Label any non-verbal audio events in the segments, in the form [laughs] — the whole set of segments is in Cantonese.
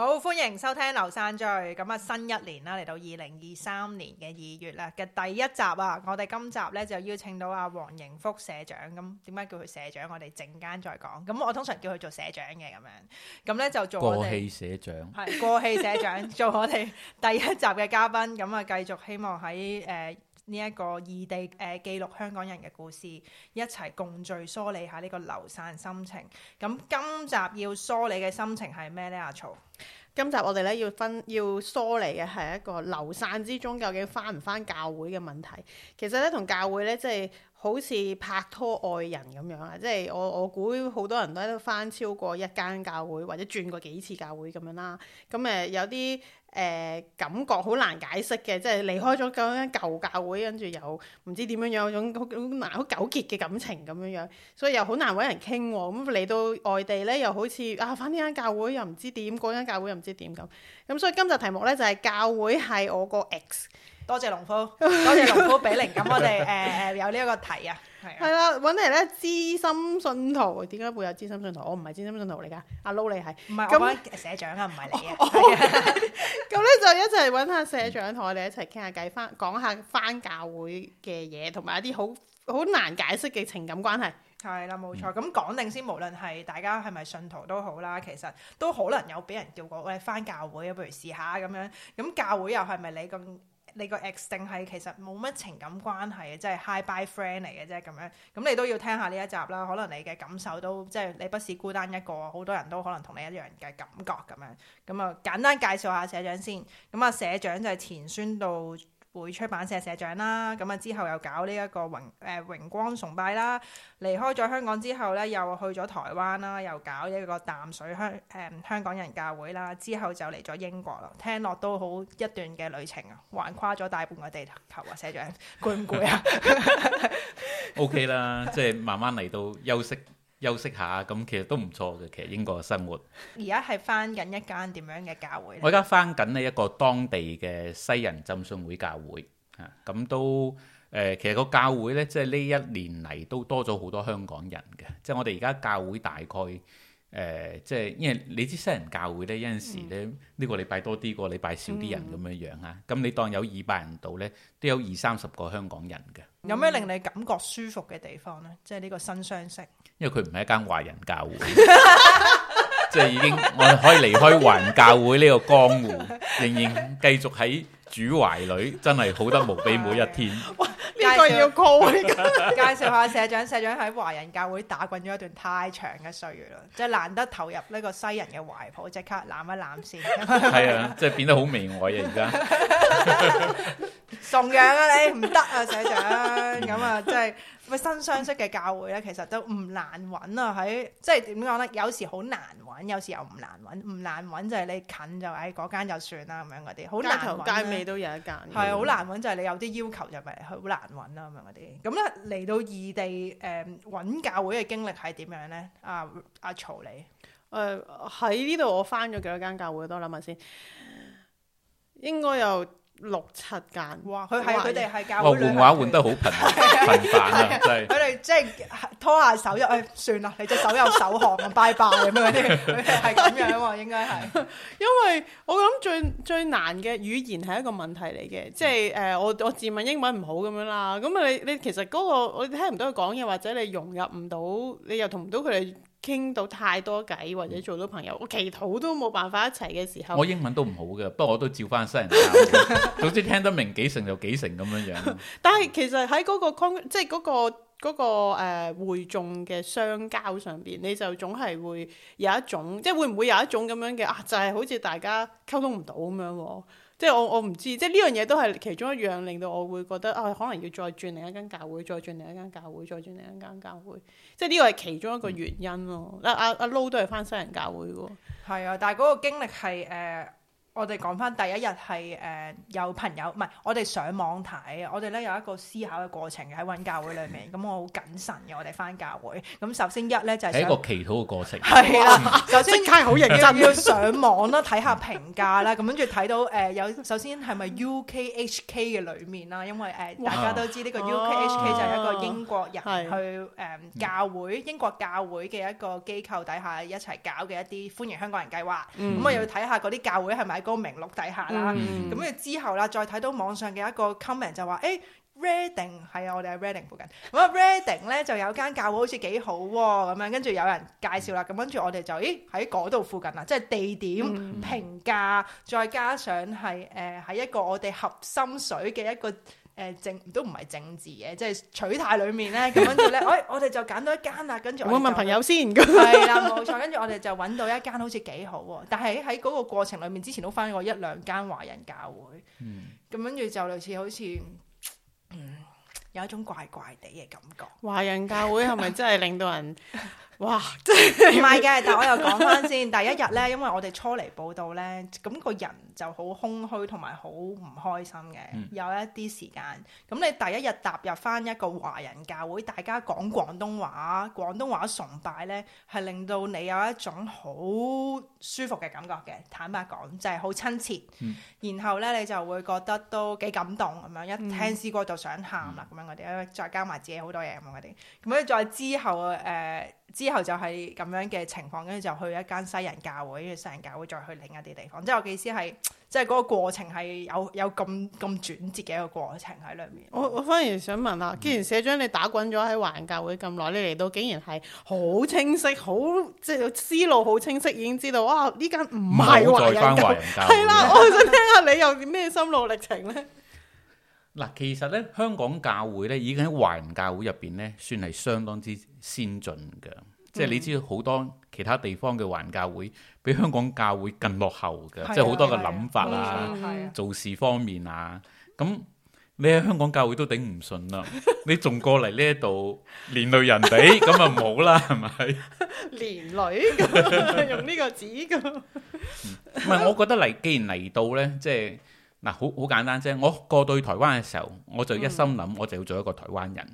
好歡迎收聽留散聚，咁啊新一年啦，嚟到二零二三年嘅二月啦嘅第一集啊，我哋今集咧就邀請到阿王礽福社長。咁點解叫佢社長？我哋陣間再講，咁我通常叫佢做社長嘅咁樣，咁咧就做過氣社長，係過氣社長 [laughs] 做我哋第一集嘅嘉賓，咁啊繼續希望喺誒。呃呢一個異地誒、呃、記錄香港人嘅故事，一齊共聚梳理下呢個流散心情。咁今集要梳理嘅心情係咩呢？阿、啊、曹，今集我哋咧要分要梳理嘅係一個流散之中究竟返唔返教會嘅問題。其實咧同教會咧即係好似拍拖愛人咁樣啊！即、就、係、是、我我估好多人都喺度返超過一間教會，或者轉過幾次教會咁樣啦。咁誒、呃、有啲。誒、呃，感覺好難解釋嘅，即係離開咗嗰間舊教會，跟住又唔知點樣樣，種好好難、好糾結嘅感情咁樣樣，所以又好難搵人傾喎。咁嚟到外地呢，又好似啊，返呢間教會又唔知點，嗰間教會又唔知點咁。咁所以今集題目呢，就係、是、教會係我個 Ex，多謝農夫，多謝農夫畀靈。咁 [laughs] 我哋誒誒有呢一個題啊。係啊，揾嚟咧資深信徒，點解會有資深信徒？我唔係資深信徒嚟噶，阿撈你係，唔係咁社長啊，唔係你啊，咁咧就一齊揾下社長同我哋一齊傾下偈，翻講下翻教會嘅嘢，同埋一啲好好難解釋嘅情感關係。係啦，冇錯。咁講定先，無論係大家係咪信徒都好啦，其實都可能有俾人叫過喂，翻、哎、教會，不如試下咁樣。咁教會又係咪你咁？你個 ex 定係其實冇乜情感關係，即係 Hi Bye Friend 嚟嘅啫，咁樣。咁你都要聽下呢一集啦。可能你嘅感受都，即係你不是孤單一個，好多人都可能同你一樣嘅感覺咁樣。咁啊，簡單介紹下社長先。咁啊，社長就係前宣道。會出版社社長啦，咁啊之後又搞呢一個榮誒榮光崇拜啦，離開咗香港之後咧，又去咗台灣啦，又搞一個淡水香誒香港人教會啦，之後就嚟咗英國啦。聽落都好一段嘅旅程啊，橫跨咗大半個地球啊，社長攰唔攰啊 [laughs] [laughs] ？OK 啦，即係慢慢嚟到休息。休息下咁，其實都唔錯嘅。其實英國嘅生活，而家係翻緊一間點樣嘅教會？我而家翻緊呢一個當地嘅西人浸信會教會啊，咁都誒、呃，其實個教會呢，即係呢一年嚟都多咗好多香港人嘅，即係我哋而家教會大概。誒，即係、呃就是、因為你知，西人教會咧，有陣時咧呢、嗯、個禮拜多啲，個禮拜少啲人咁樣樣啊。咁、嗯、你當有二百人度咧，都有二三十個香港人嘅。有咩令你感覺舒服嘅地方咧？即係呢個新相識。因為佢唔係一間華人教會。 [laughs] [laughs] 即係已經，我哋可以離開華人教會呢個江湖，仍然繼續喺主懷裏，真係好得無比每一天。哇！呢個要 call 啊！介紹下社長，社長喺華人教會打滾咗一段太長嘅歲月啦，即係難得投入呢個西人嘅懷抱，即刻攬一攬先。係啊，即係變得好媚外啊！而家崇洋啊，你唔得啊，社長咁啊，即係。新相識嘅教會咧，其實都唔難揾啊！喺即係點講咧，有時好難揾，有時又唔難揾。唔難揾就係你近就喺嗰間就算啦，咁樣嗰啲。難啊、街頭街尾都有一間。係好對、嗯、難揾就係你有啲要求入咪好難揾啦、啊，咁樣嗰啲。咁咧嚟到異地誒揾、嗯、教會嘅經歷係點樣咧？阿、啊、阿、啊、曹你誒喺呢度我返咗幾多間教會？我諗下先，應該有。六七間，哇！佢係佢哋係教，換話換得好頻頻繁，佢哋即係拖下手入去，哎，算啦，你隻手有手汗， [laughs] 拜拜咁樣啲，佢哋係咁樣啊， [laughs] 應該係。 [laughs] 因為我諗最最難嘅語言係一個問題嚟嘅，即係誒，我我自問英文唔好咁樣啦，咁啊你你，你其實嗰，嗰個我聽唔到佢講嘢，或者你融入唔到，你又同唔到佢哋。傾到太多偈或者做到朋友，我祈禱都冇辦法一齊嘅時候，我英文都唔好嘅，不過我都照返西人教， [laughs] 總之聽得明幾成就幾成咁樣樣。 [laughs] 但係其實喺嗰、嗰個 con 即係嗰、嗰個嗰、嗰個誒會、嗰個呃、眾嘅相交上邊，你就總係會有一種即係會唔會有一種咁樣嘅啊，就係、係、好似大家溝通唔到咁樣喎。即係我我唔知，即係呢樣嘢都係其中一樣，令到我會覺得啊，可能要再轉另一間教會，再轉另一間教會，再轉另一間教會。即係呢個係其中一個原因咯。阿阿阿 Low 都係翻西人教會嘅喎？係啊，但係嗰個經歷係誒。我哋講翻第一日係誒有朋友，唔係我哋上網睇，我哋咧有一個思考嘅過程喺搵教會裏面。咁我好謹慎嘅，我哋返教會。咁首先一咧就係、是、一個祈禱嘅過程，係啦、 [laughs] 呃。首先好認真要上網啦，睇下評價啦。咁跟住睇到誒有首先係咪 UKHK 嘅裏面啦，因為誒、呃、大家都知呢個 UKHK 哇就係一個英國人去誒、哦嗯、教會，英國教會嘅一個機構底下一齊搞嘅一啲歡迎香港人計劃。咁、嗯、我又要睇下嗰啲教會係咪。個名錄底下啦，咁跟住之後啦，再睇到網上嘅一個 comment 就話，誒、欸、Reading 係啊，我哋喺 Reading 附近，咁、嗯、啊，Reading 咧就有間教會好似幾好咁樣，跟住有人介紹啦，咁跟住我哋就，咦，喺嗰度附近啊，即係地點評價，嗯、再加上係誒喺一個我哋合心水嘅一個。誒政、呃、都唔係政治嘅，即係取態裏面咧，咁樣咧， [laughs] 哎，我哋就揀到一間啦，跟住我問朋友先，係 [laughs] 啦，冇錯，跟住我哋就揾到一間好似幾好，但係喺嗰個過程裏面，之前都返過一兩間華人教會，咁跟住就類似好似有一種怪怪地嘅感覺。華人教會係咪真係令到人？ [laughs] 哇，唔係嘅，但我又講翻先。 [laughs] 第一日呢，因為我哋初嚟報道呢，咁、個人就好空虛同埋好唔開心嘅。嗯、有一啲時間，咁你第一日踏入翻一個華人教會，大家講廣東話，廣東話崇拜呢，係令到你有一種好舒服嘅感覺嘅。坦白講，就係好親切。嗯、然後呢，你就會覺得都幾感動咁樣，一聽詩歌就想喊啦。咁、嗯、樣我哋再加埋自己好多嘢咁樣我哋。咁咧，再之後誒。呃之後就係咁樣嘅情況，跟住就去一間西人教會，跟住西人教會再去另一啲地方。即係我嘅意思係，即係嗰個過程係有有咁咁轉折嘅一個過程喺裏面。我我反而想問下，既然社長你打滾咗喺華人教會咁耐，你嚟到竟然係好清晰，好即係思路好清晰，已經知道哇呢間唔係華人教會係啦。 [laughs] 我想聽下你有咩心路歷程呢？」嗱，其實咧，香港教會咧已經喺華人教會入邊咧，算係相當之先進嘅。即係你知道好多其他地方嘅華人教會，比香港教會更落後嘅。即係好多嘅諗法啊，做事方面啊，咁你喺香港教會都頂唔順啦，你仲過嚟呢度連累人哋，咁啊唔好啦，係咪？連累用呢個字嘅，唔係我覺得嚟，既然嚟到咧，即係。嗱，好好、啊、簡單啫！我過到台灣嘅時候，我就一心諗我就要做一個台灣人；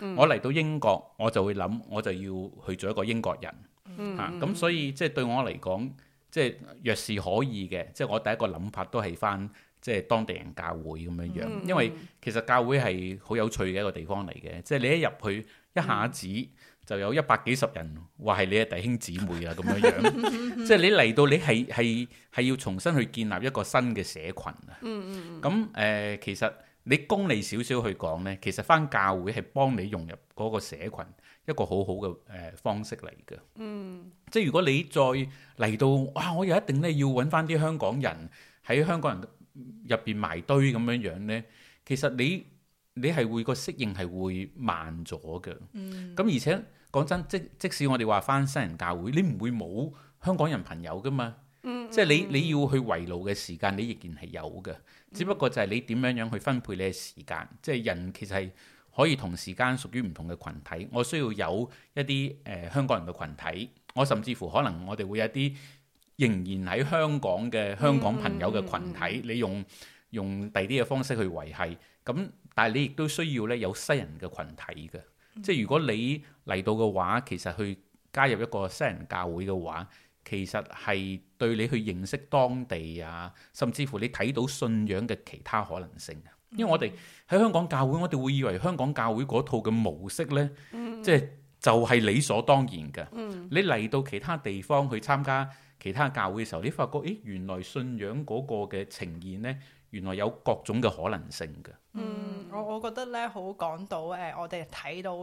嗯、我嚟到英國，我就會諗我就要去做一個英國人嚇。咁、啊嗯嗯、所以即係、就是、對我嚟講，即、就、係、是、若是可以嘅，即、就、係、是、我第一個諗法都係返即係當地人教會咁樣樣，嗯、因為其實教會係好有趣嘅一個地方嚟嘅，即、就、係、是、你一入去一下子。嗯嗯就有一百幾十人話係你嘅弟兄姊妹啊，咁樣樣， [laughs] 即係你嚟到你係係係要重新去建立一個新嘅社群啊。咁誒、嗯嗯呃，其實你功利少少去講咧，其實翻教會係幫你融入嗰個社群，一個好好嘅誒方式嚟嘅。嗯，即係如果你再嚟到哇、啊，我又一定咧要揾翻啲香港人喺香港人入邊埋堆咁樣樣咧，其實你你係會、個適應係會慢咗嘅。嗯，咁而且。講真，即即使我哋話返西人教會，你唔會冇香港人朋友噶嘛。嗯嗯嗯即係你你要去圍爐嘅時間，你仍然係有嘅。只不過就係你點樣樣去分配你嘅時間。即係人其實係可以同時間屬於唔同嘅群體。我需要有一啲誒、呃、香港人嘅群體。我甚至乎可能我哋會有一啲仍然喺香港嘅香港朋友嘅群體。嗯嗯嗯你用用第二啲嘅方式去維繫。咁但係你亦都需要咧有西人嘅群體嘅。即係如果你嚟到嘅話，其實去加入一個西人教會嘅話，其實係對你去認識當地啊，甚至乎你睇到信仰嘅其他可能性、嗯、因為我哋喺香港教會，我哋會以為香港教會嗰套嘅模式呢，嗯、即係就係理所當然嘅。嗯、你嚟到其他地方去參加其他教會嘅時候，你發覺誒，原來信仰嗰個嘅呈現呢。原來有各種嘅可能性嘅。嗯，我我覺得呢，好講到誒、呃，我哋睇到。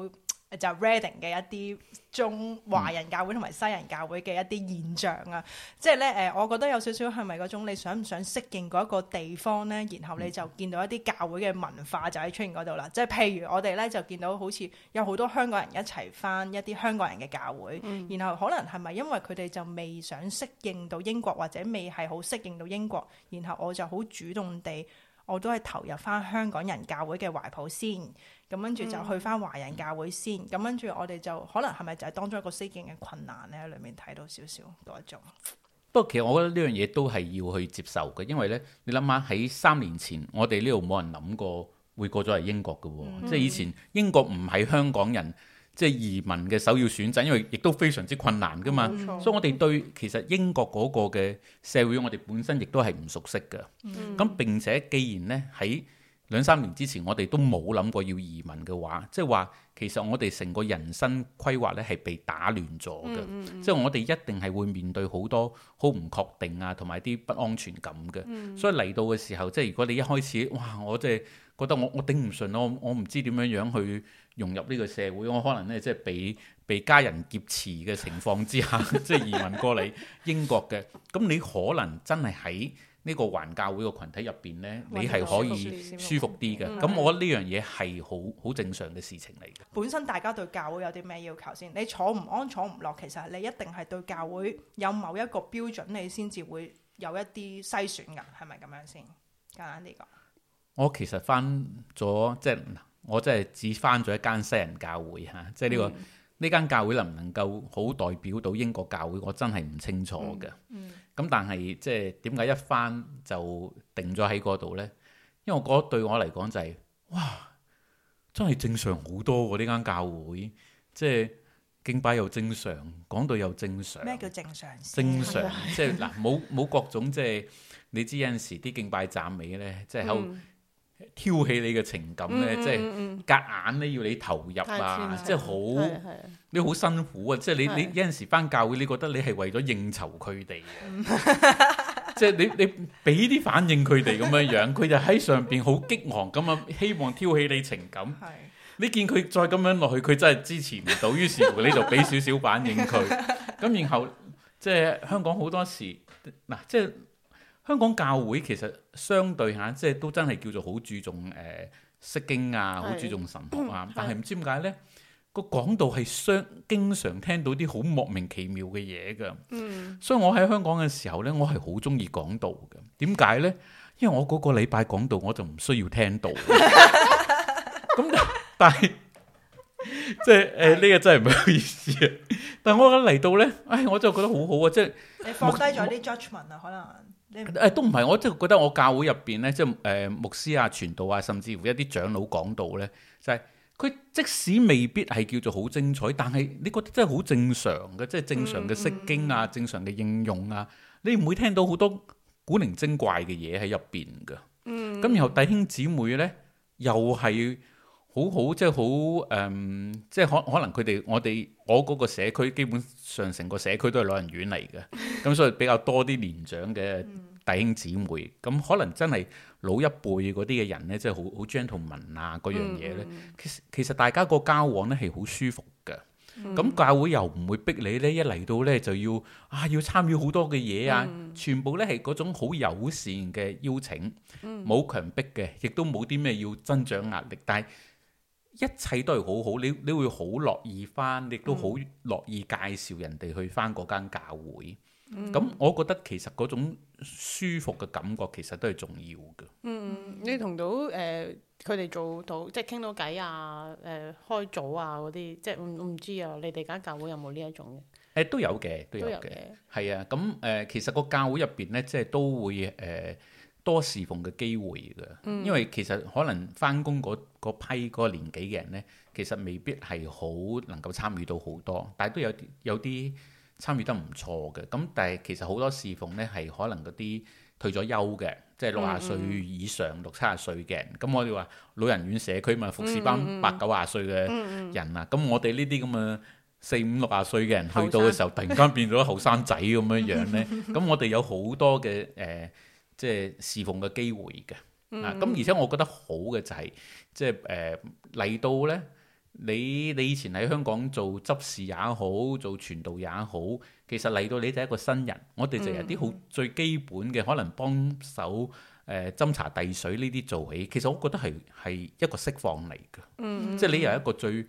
就 reading 嘅一啲中華人教會同埋西人教會嘅一啲現象啊，嗯、即係咧誒，我覺得有少少係咪嗰種你想唔想適應嗰一個地方咧？然後你就見到一啲教會嘅文化就喺出現嗰度啦。即係譬如我哋咧就見到好似有好多香港人一齊返一啲香港人嘅教會，嗯、然後可能係咪因為佢哋就未想適應到英國或者未係好適應到英國，然後我就好主動地。我都係投入返香港人教會嘅懷抱先，咁跟住就去返華人教會先，咁跟住我哋就可能係咪就係當中一個適應嘅困難呢？喺裏面睇到少少多一種。嗯、不過其實我覺得呢樣嘢都係要去接受嘅，因為呢，你諗下喺三年前，我哋呢度冇人諗過會過咗嚟英國嘅喎、哦，嗯、即係以前英國唔係香港人。即係移民嘅首要選擇，因為亦都非常之困難㗎嘛。嗯、所以，我哋對其實英國嗰個嘅社會，我哋本身亦都係唔熟悉嘅。咁、嗯、並且，既然呢，喺兩三年之前，我哋都冇諗過要移民嘅話，即係話其實我哋成個人生規劃呢係被打亂咗嘅。嗯嗯、即係我哋一定係會面對好多好唔確定啊，同埋啲不安全感嘅。嗯、所以嚟到嘅時候，即係如果你一開始哇，我即係覺得我我頂唔順咯，我唔知點樣樣去。融入呢個社會，我可能咧，即係被被家人劫持嘅情況之下， [laughs] 即係移民過嚟英國嘅。咁你可能真係喺呢個環教會個群體入邊呢，你係可以舒服啲嘅。咁的我覺得呢樣嘢係好好正常嘅事情嚟嘅。本身大家對教會有啲咩要求先？你坐唔安，坐唔落，其實你一定係對教會有某一個標準，你先至會有一啲篩選㗎。係咪咁樣先？簡單啲講，我其實返咗、即係、即係。我真係只返咗一間西人教會嚇、啊，即係呢、這個呢間、嗯、教會能唔能夠好代表到英國教會，我真係唔清楚嘅。咁、嗯嗯、但係即係點解一返就定咗喺嗰度咧？因為我覺得對我嚟講就係、是、哇，真係正常好多喎呢間教會，即係敬拜又正常，講道又正常。咩叫正常？正常 [laughs] 即係嗱，冇冇各種即係你知有陣時啲敬拜讚美咧，即係好。嗯挑起你嘅情感咧，嗯、即係隔硬咧要你投入啦、啊，即係好的你好辛苦啊！的即係你的你有陣時返教會，你覺得你係為咗應酬佢哋嘅，即係 [laughs] 你你俾啲反應佢哋咁樣樣，佢就喺上邊好激昂咁啊，希望挑起你情感。的你見佢再咁樣落去，佢真係支持唔到，於是乎你就俾少少反應佢。咁 [laughs] [laughs] 然後即係香港好多時嗱，即係。即香港教會其實相對吓、啊，即係都真係叫做好注重誒、呃、釋經啊，好是注重神學啊。是但係唔知點解咧，個講道係相經常聽到啲好莫名其妙嘅嘢噶。嗯，所以我喺香港嘅時候咧，我係好中意講道嘅。點解咧？因為我嗰個禮拜講道，我就唔需要聽道。咁 [laughs] [laughs] 但係即係誒，呢、呃、是個真係唔係好意思啊！但係我覺得嚟到咧，誒、哎，我就覺得好好啊，即係你放低咗啲 judgement 啊，可能我。誒都唔係，我即係覺得我教會入邊咧，即係誒牧師啊、傳道啊，甚至乎一啲長老講道咧，就係、是、佢即使未必係叫做好精彩，但係你覺得真係好正常嘅，即、就、係、是、正常嘅釋經啊、嗯、正常嘅應用啊，你唔會聽到好多古靈精怪嘅嘢喺入邊噶。嗯，咁然後弟兄姊妹咧又係好好，即係好誒，即係可可能佢哋我哋我嗰個社區基本上成個社區都係老人院嚟嘅，咁所以比較多啲年長嘅、嗯。弟兄姊妹，咁可能真係老一輩嗰啲嘅人呢，即係好好 gentleman 啊，嗰樣嘢呢，嗯、其實其實大家個交往呢係好舒服嘅。咁、嗯、教會又唔會逼你呢，一嚟到呢就要啊要參與好多嘅嘢啊，嗯、全部呢係嗰種好友善嘅邀請，冇、嗯、強迫嘅，亦都冇啲咩要增長壓力。但係一切都係好好，你你會好樂意返，亦都好樂意介紹人哋去返嗰間教會。咁，嗯、我覺得其實嗰種舒服嘅感覺其實都係重要嘅、嗯。嗯，你同到誒佢哋做到，即係傾到偈啊，誒、呃、開組啊嗰啲，即係我唔知啊，你哋間教會有冇呢一種嘅？誒都有嘅，都有嘅。係啊，咁誒、呃、其實個教會入邊咧，即係都會誒、呃、多侍奉嘅機會嘅。嗯、因為其實可能返工嗰批嗰年紀嘅人咧，其實未必係好能夠參與到好多，但係都有啲有啲。參與得唔錯嘅，咁但係其實好多侍奉咧係可能嗰啲退咗休嘅，即係六十歲以上六七十歲嘅，咁、嗯嗯、我哋話老人院社區咪服侍班八九十歲嘅人啊，咁、嗯嗯、我哋呢啲咁嘅四五六十歲嘅人去到嘅時候，生突然間變咗後生仔咁樣樣咧，咁、嗯嗯、我哋有好多嘅誒，即係、 [laughs] 呃就係、侍奉嘅機會嘅，啊、嗯嗯，咁、嗯、而且我覺得好嘅就係即係誒嚟到咧。你你以前喺香港做執事也好，做傳道也好，其實嚟到你就係一個新人。我哋就有啲好、嗯、最基本嘅，可能幫手誒斟、呃、茶遞水呢啲做起。其實我覺得係係一個釋放嚟嘅，嗯、即係你由一個最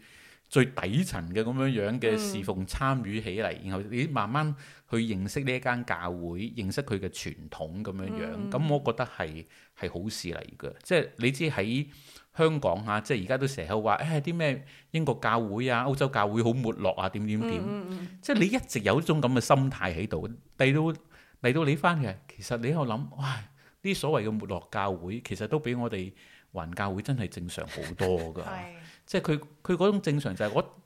最底層嘅咁樣樣嘅侍奉參與起嚟，嗯、然後你慢慢去認識呢一間教會，認識佢嘅傳統咁樣樣。咁、嗯、我覺得係係好事嚟嘅，即係你知喺香港啊，即係而家都成日話誒啲咩英國教會啊、歐洲教會好沒落啊，點點點。嗯、即係你一直有一種咁嘅心態喺度，嚟到嚟到你返嘅，其實你喺度諗，哇！啲所謂嘅沒落教會其實都比我哋環教會真係正常好多㗎。是即係佢佢嗰種正常就係我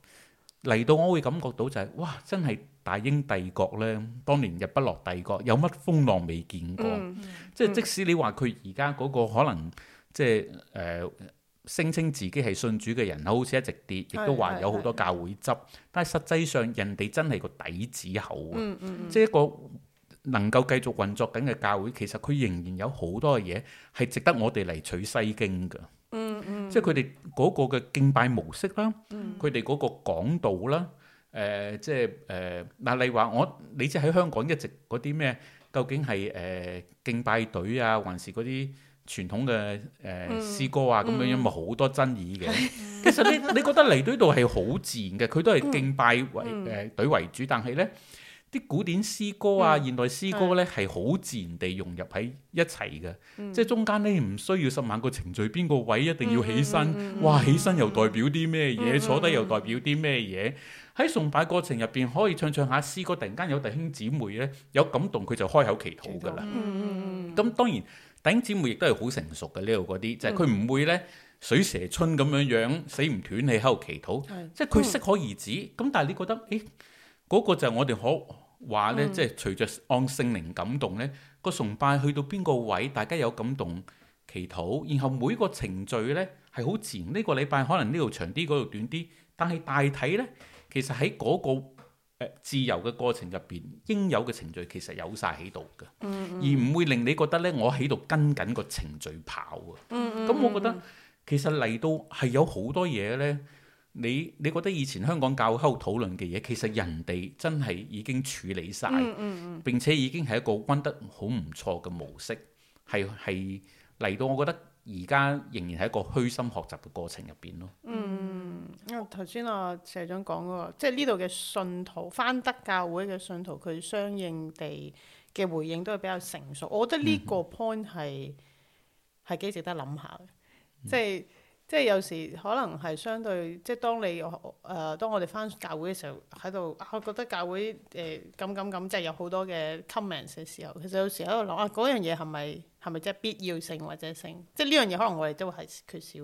嚟到，我會感覺到就係、是、哇，真係大英帝國咧，當年日不落帝國有乜風浪未見過？嗯嗯、即係即使你話佢而家嗰個可能即係誒。呃聲稱自己係信主嘅人，好似一直跌，亦都話有好多教會執，是是是但係實際上人哋真係個底子厚啊！嗯嗯即係一個能夠繼續運作緊嘅教會，其實佢仍然有好多嘅嘢係值得我哋嚟取西經㗎。嗯嗯即係佢哋嗰個嘅敬拜模式啦，佢哋嗰個講道啦，誒、呃、即係誒嗱，例如話我，你知喺香港一直嗰啲咩，究竟係誒、呃、敬拜隊啊，還是嗰啲？傳統嘅誒詩歌啊，咁樣因為好多爭議嘅。其實你你覺得嚟到呢度係好自然嘅，佢都係敬拜為誒隊為主。但係呢啲古典詩歌啊、現代詩歌呢，係好自然地融入喺一齊嘅。即係中間呢唔需要十萬個程序，邊個位一定要起身？哇！起身又代表啲咩嘢？坐低又代表啲咩嘢？喺崇拜過程入邊可以唱唱下詩歌。突然間有弟兄姊妹呢，有感動，佢就開口祈禱㗎啦。嗯，咁當然。弟兄姊妹亦都係好成熟嘅呢度嗰啲，就係佢唔會咧水蛇春咁樣樣死唔斷氣，喺度祈禱，的即係佢適可而止。咁、嗯、但係你覺得誒嗰、那個就係我哋可話咧，嗯、即係隨着按聖靈感動咧、這個崇拜去到邊個位，大家有感動祈禱，然後每個程序咧係好自然。呢、這個禮拜可能呢度長啲，嗰、那、度、個、短啲，但係大體咧其實喺嗰、那個。自由嘅過程入邊，應有嘅程序其實有晒喺度嘅。嗯嗯，而唔會令你覺得呢，我喺度跟緊個程序跑啊。咁、嗯嗯嗯，我覺得其實嚟到係有好多嘢呢，你你覺得以前香港教會喺度討論嘅嘢，其實人哋真係已經處理晒，嗯嗯嗯，並且已經係一個溫得好唔錯嘅模式。係，係嚟到，我覺得而家仍然係一個虛心學習嘅過程入邊咯。嗯嗯嗯，因為頭先啊社長講嗰個，即係呢度嘅信徒返得教會嘅信徒，佢相應地嘅回應都係比較成熟。我覺得呢個 point 係係幾值得諗下嘅，即係即係有時可能係相對，即係當你誒、呃、當我哋返教會嘅時候喺度、啊、我覺得教會誒咁咁咁，即係有好多嘅 comments 嘅時候，其實有時喺度諗啊，嗰樣嘢係咪係咪即係必要性或者性，即係呢樣嘢可能我哋都係缺少，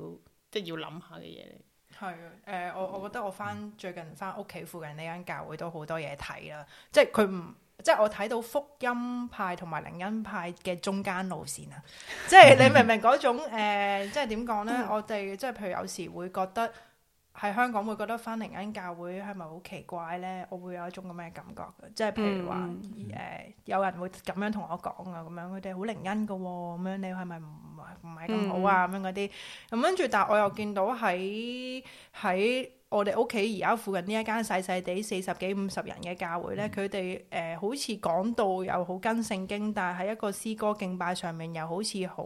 即係要諗下嘅嘢嚟。係啊，誒、呃，我我覺得我返最近返屋企附近呢間教會都好多嘢睇啦，即係佢唔，即係我睇到福音派同埋靈恩派嘅中間路線啊、 [laughs] 呃，即係你明唔明嗰種誒， [laughs] 即係點講咧？我哋即係譬如有時會覺得。喺香港會覺得翻靈恩教會係咪好奇怪咧？我會有一種咁嘅感覺嘅，即係譬如話誒，嗯、有人會咁樣同我講啊，咁樣佢哋好靈恩㗎喎，咁樣你係咪唔唔係咁好啊？咁、嗯、樣嗰啲，咁跟住，但係我又見到喺喺，我哋屋企而家附近呢一間細細地四十幾五十人嘅教會咧，佢哋誒好似講道又好跟聖經，但係喺一個詩歌敬拜上面又好似好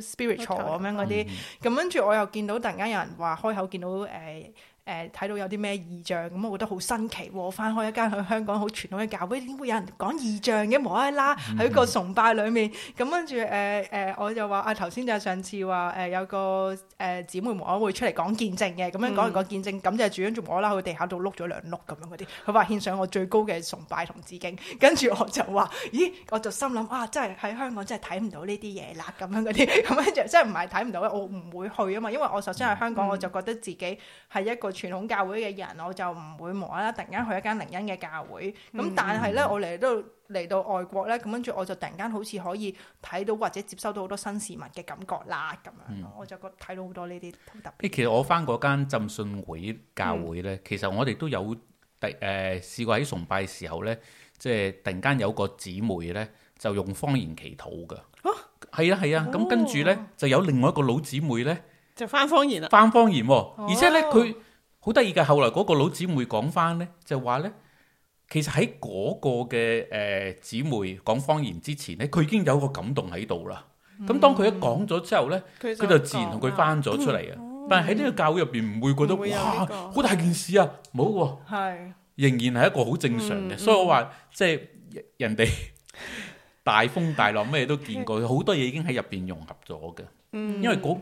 spiritual 咁樣嗰啲，咁跟住我又見到突然間有人話開口見到誒。呃誒睇、呃、到有啲咩異象，咁、嗯、我覺得好新奇喎、哦！我返開一間喺香港好傳統嘅教會，點會有人講異象嘅？無啦啦喺個崇拜裏面，咁跟住誒誒，我就話啊頭先就上次話誒、呃、有個誒姊、呃、妹無啦啦出嚟講見證嘅，咁樣講完講見證，咁、嗯、就主恩仲無啦啦喺地下度碌咗兩碌咁樣嗰啲，佢話獻上我最高嘅崇拜同致敬，跟住我就話：咦，我就心諗啊，真係喺香港真係睇唔到呢啲嘢啦，咁樣嗰啲，咁樣就真係唔係睇唔到我唔會去啊嘛，因為我首先喺香港，嗯、我就覺得自己係一個。傳統教會嘅人，我就唔會無啦啦突然間去一間靈恩嘅教會。咁、嗯、但係咧，我嚟到嚟到外國咧，咁跟住我就突然間好似可以睇到或者接收到好多新事物嘅感覺啦。咁樣，嗯、我就覺得睇到好多呢啲好特別。其實我翻嗰間浸信會教會咧，嗯、其實我哋都有第誒、呃、試過喺崇拜時候咧，即、就、係、是、突然間有個姊妹咧就用方言祈禱嘅。嚇，係啊係啊。咁跟住咧就有另外一個老姊妹咧，就翻方言啦。翻方言，而且咧佢。哦哦好得意嘅，後來嗰個老姊妹講翻咧，就話咧，其實喺嗰個嘅誒姊妹講方言之前咧，佢已經有個感動喺度啦。咁當佢一講咗之後咧，佢就自然同佢翻咗出嚟啊。但係喺呢個教會入邊唔會覺得哇，好大件事啊？冇，係仍然係一個好正常嘅。所以我話即係人哋大風大浪咩都見過，好多嘢已經喺入邊融合咗嘅。嗯，因為嗰。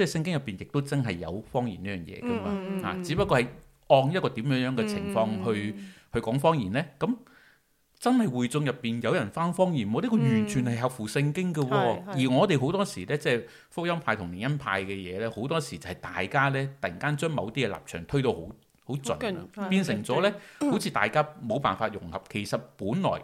即係聖經入邊亦都真係有方言呢樣嘢噶嘛？吓、嗯，只不過係按一個點樣樣嘅情況去、嗯、去講方言呢。咁真係會眾入邊有人翻方言，我呢、嗯、個完全係合乎聖經噶、哦。嗯、而我哋好多時呢，即係福音派同靈恩派嘅嘢呢，好多時就係大家呢，突然間將某啲嘅立場推到好好盡啊，變成咗呢，嗯、好似大家冇辦法融合。其實本來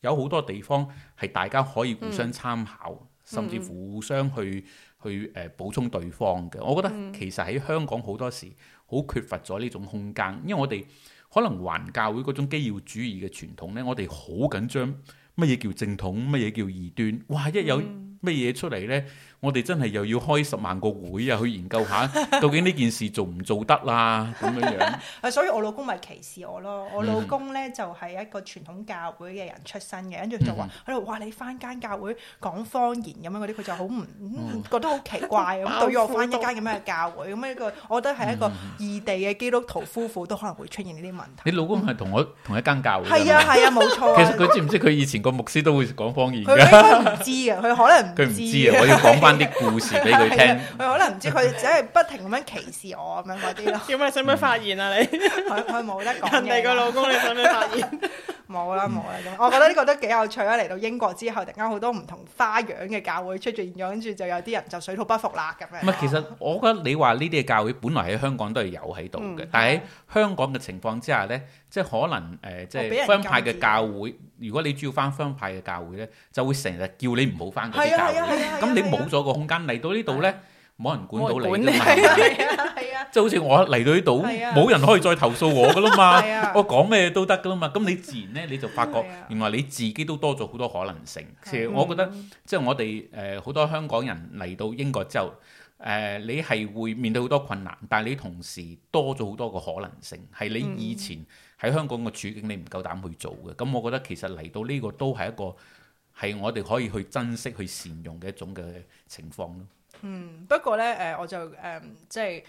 有好多地方係大家可以互相參考，嗯嗯、甚至互相去。去誒、呃、補充對方嘅，我覺得其實喺香港好多時好缺乏咗呢種空間，因為我哋可能環教會嗰種基要主義嘅傳統呢，我哋好緊張。乜嘢叫正統，乜嘢叫異端？哇！一有乜嘢出嚟咧，嗯、我哋真係又要開十萬個會啊，去研究下究竟呢件事做唔做得啦咁樣樣。 [laughs] 所以我老公咪歧視我咯。我老公咧就係一個傳統教會嘅人出身嘅，跟住、嗯、就話，哇！你返間教會講方言咁樣嗰啲，佢就好唔、嗯、覺得好奇怪咁。嗯、對於我返一間咁樣嘅教會，咁一個，嗯、樣我覺得係一個異地嘅基督徒夫婦都可能會出現呢啲問題。你老公係同我同一間教會？係、嗯、啊，係啊，冇錯。其實佢知唔知佢以前？個牧師都會講方言，佢應該唔知嘅，佢可能佢唔知啊！ [laughs] 我要講翻啲故事俾佢聽，佢 [laughs] 可能唔知，佢只係不停咁樣歧視我咁樣嗰啲咯。點啊？使唔使發言啊？你佢冇得講嘅。人哋個老公，你使唔使發言？冇啦冇啦咁。 [laughs] 嗯、我覺得呢個都幾有趣啦。嚟到英國之後，突然間好多唔同花樣嘅教會出現咗，跟住就有啲人就水土不服啦咁樣。唔係，其實我覺得你話呢啲嘅教會本來喺香港都係有喺度嘅，嗯、但係喺香港嘅情況之下咧。即係可能誒，即係番派嘅教會，如果你主要翻番派嘅教會咧，就會成日叫你唔好翻嗰啲教會。係咁你冇咗個空間嚟到呢度咧，冇人管到你。即管好似我嚟到呢度，冇人可以再投訴我㗎啦嘛。我講咩都得㗎啦嘛。咁你自然咧你就發覺，原來你自己都多咗好多可能性。其實我覺得，即係我哋誒好多香港人嚟到英國之後，誒你係會面對好多困難，但係你同時多咗好多個可能性，係你以前。喺香港嘅處境，你唔夠膽去做嘅。咁我覺得其實嚟到呢個都係一個係我哋可以去珍惜、去善用嘅一種嘅情況咯。嗯，不過咧，誒、呃，我就誒、呃，即係。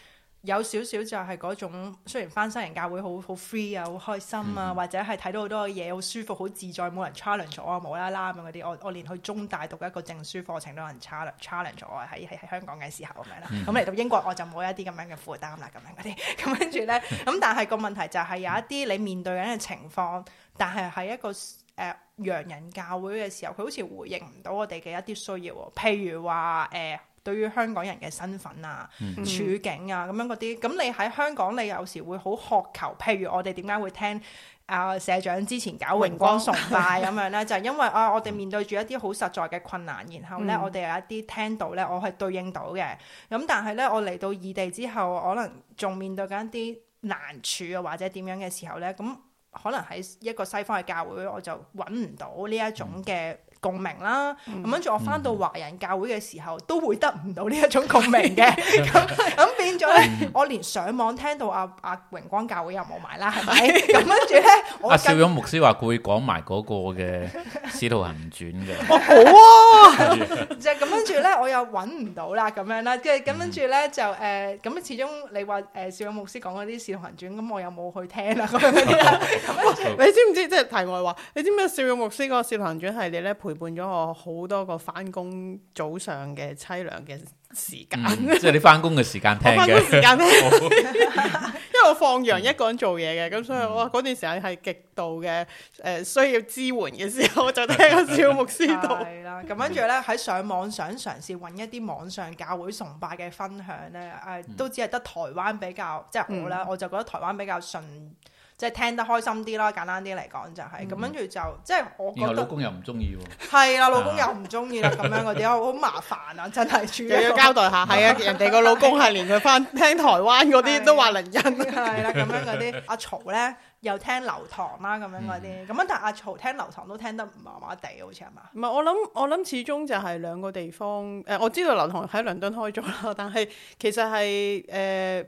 有少少就係嗰種，雖然返新人教會好好 free 啊，好開心啊，或者係睇到好多嘢，好舒服，好自在，冇人 challenge 我我，無啦啦咁嗰啲。我我連去中大讀一個證書課程都有人 challenge challenge 我喺喺香港嘅時候咁樣啦。咁嚟到英國我就冇一啲咁樣嘅負擔啦，咁樣嗰啲。咁跟住咧，咁但係個問題就係、是、有一啲你面對緊嘅情況，但係喺一個誒、呃、洋人教會嘅時候，佢好似回應唔到我哋嘅一啲需要喎。譬如話誒、呃對於香港人嘅身份啊、嗯、處境啊咁樣嗰啲，咁你喺香港你有時會好渴求，譬如我哋點解會聽啊、呃、社長之前搞榮光崇拜咁 [laughs] 樣呢？就係、是、因為啊我哋面對住一啲好實在嘅困難，然後呢，我哋有一啲聽到呢，我係對應到嘅，咁、嗯、但係呢，我嚟到異地之後，可能仲面對緊一啲難處啊，或者點樣嘅時候呢，咁可能喺一個西方嘅教會，我就揾唔到呢一種嘅、嗯，共鳴啦，咁跟住我翻到華人教會嘅時候，都會得唔到呢一種共鳴嘅，咁咁變咗咧，我連上網聽到阿阿榮光教會又冇埋啦，係咪？咁跟住咧，阿邵勇牧師話佢會講埋嗰個嘅《使徒行傳》嘅，哦，好啊，就咁跟住咧，我又揾唔到啦，咁樣啦，即係咁跟住咧就誒，咁始終你話誒少勇牧師講嗰啲《使徒行傳》，咁我又冇去聽啦，咁樣啦，跟住你知唔知即係題外話？你知唔知邵勇牧師嗰個《使徒行傳》係你咧？陪伴咗我好多個翻工早上嘅淒涼嘅時間，嗯、 [laughs] 即係你翻工嘅時間，聽翻工時間聽嘅，聽 [laughs] [laughs] 因為我放羊一個人做嘢嘅，咁、嗯、所以我嗰段時間係極度嘅誒、呃、需要支援嘅時候，我就聽聽小牧師道。啦、嗯。咁跟住咧喺上網想嘗試揾一啲網上教會崇拜嘅分享咧，誒、呃、都只係得台灣比較，即係我啦，嗯、我就覺得台灣比較順。即係聽得開心啲啦，簡單啲嚟講就係咁，跟住就即係我覺得老公又唔中意喎，係啦，老公又唔中意啦，咁樣嗰啲好麻煩啊，真係，仲要交代下，係啊，人哋個老公係連佢翻聽台灣嗰啲都話林欣，係啦，咁樣嗰啲阿曹咧又聽流堂啦，咁樣嗰啲，咁樣但係阿曹聽流堂都聽得麻麻地，好似係嘛？唔係我諗，我諗始終就係兩個地方，誒，我知道流堂喺倫敦開咗啦，但係其實係誒。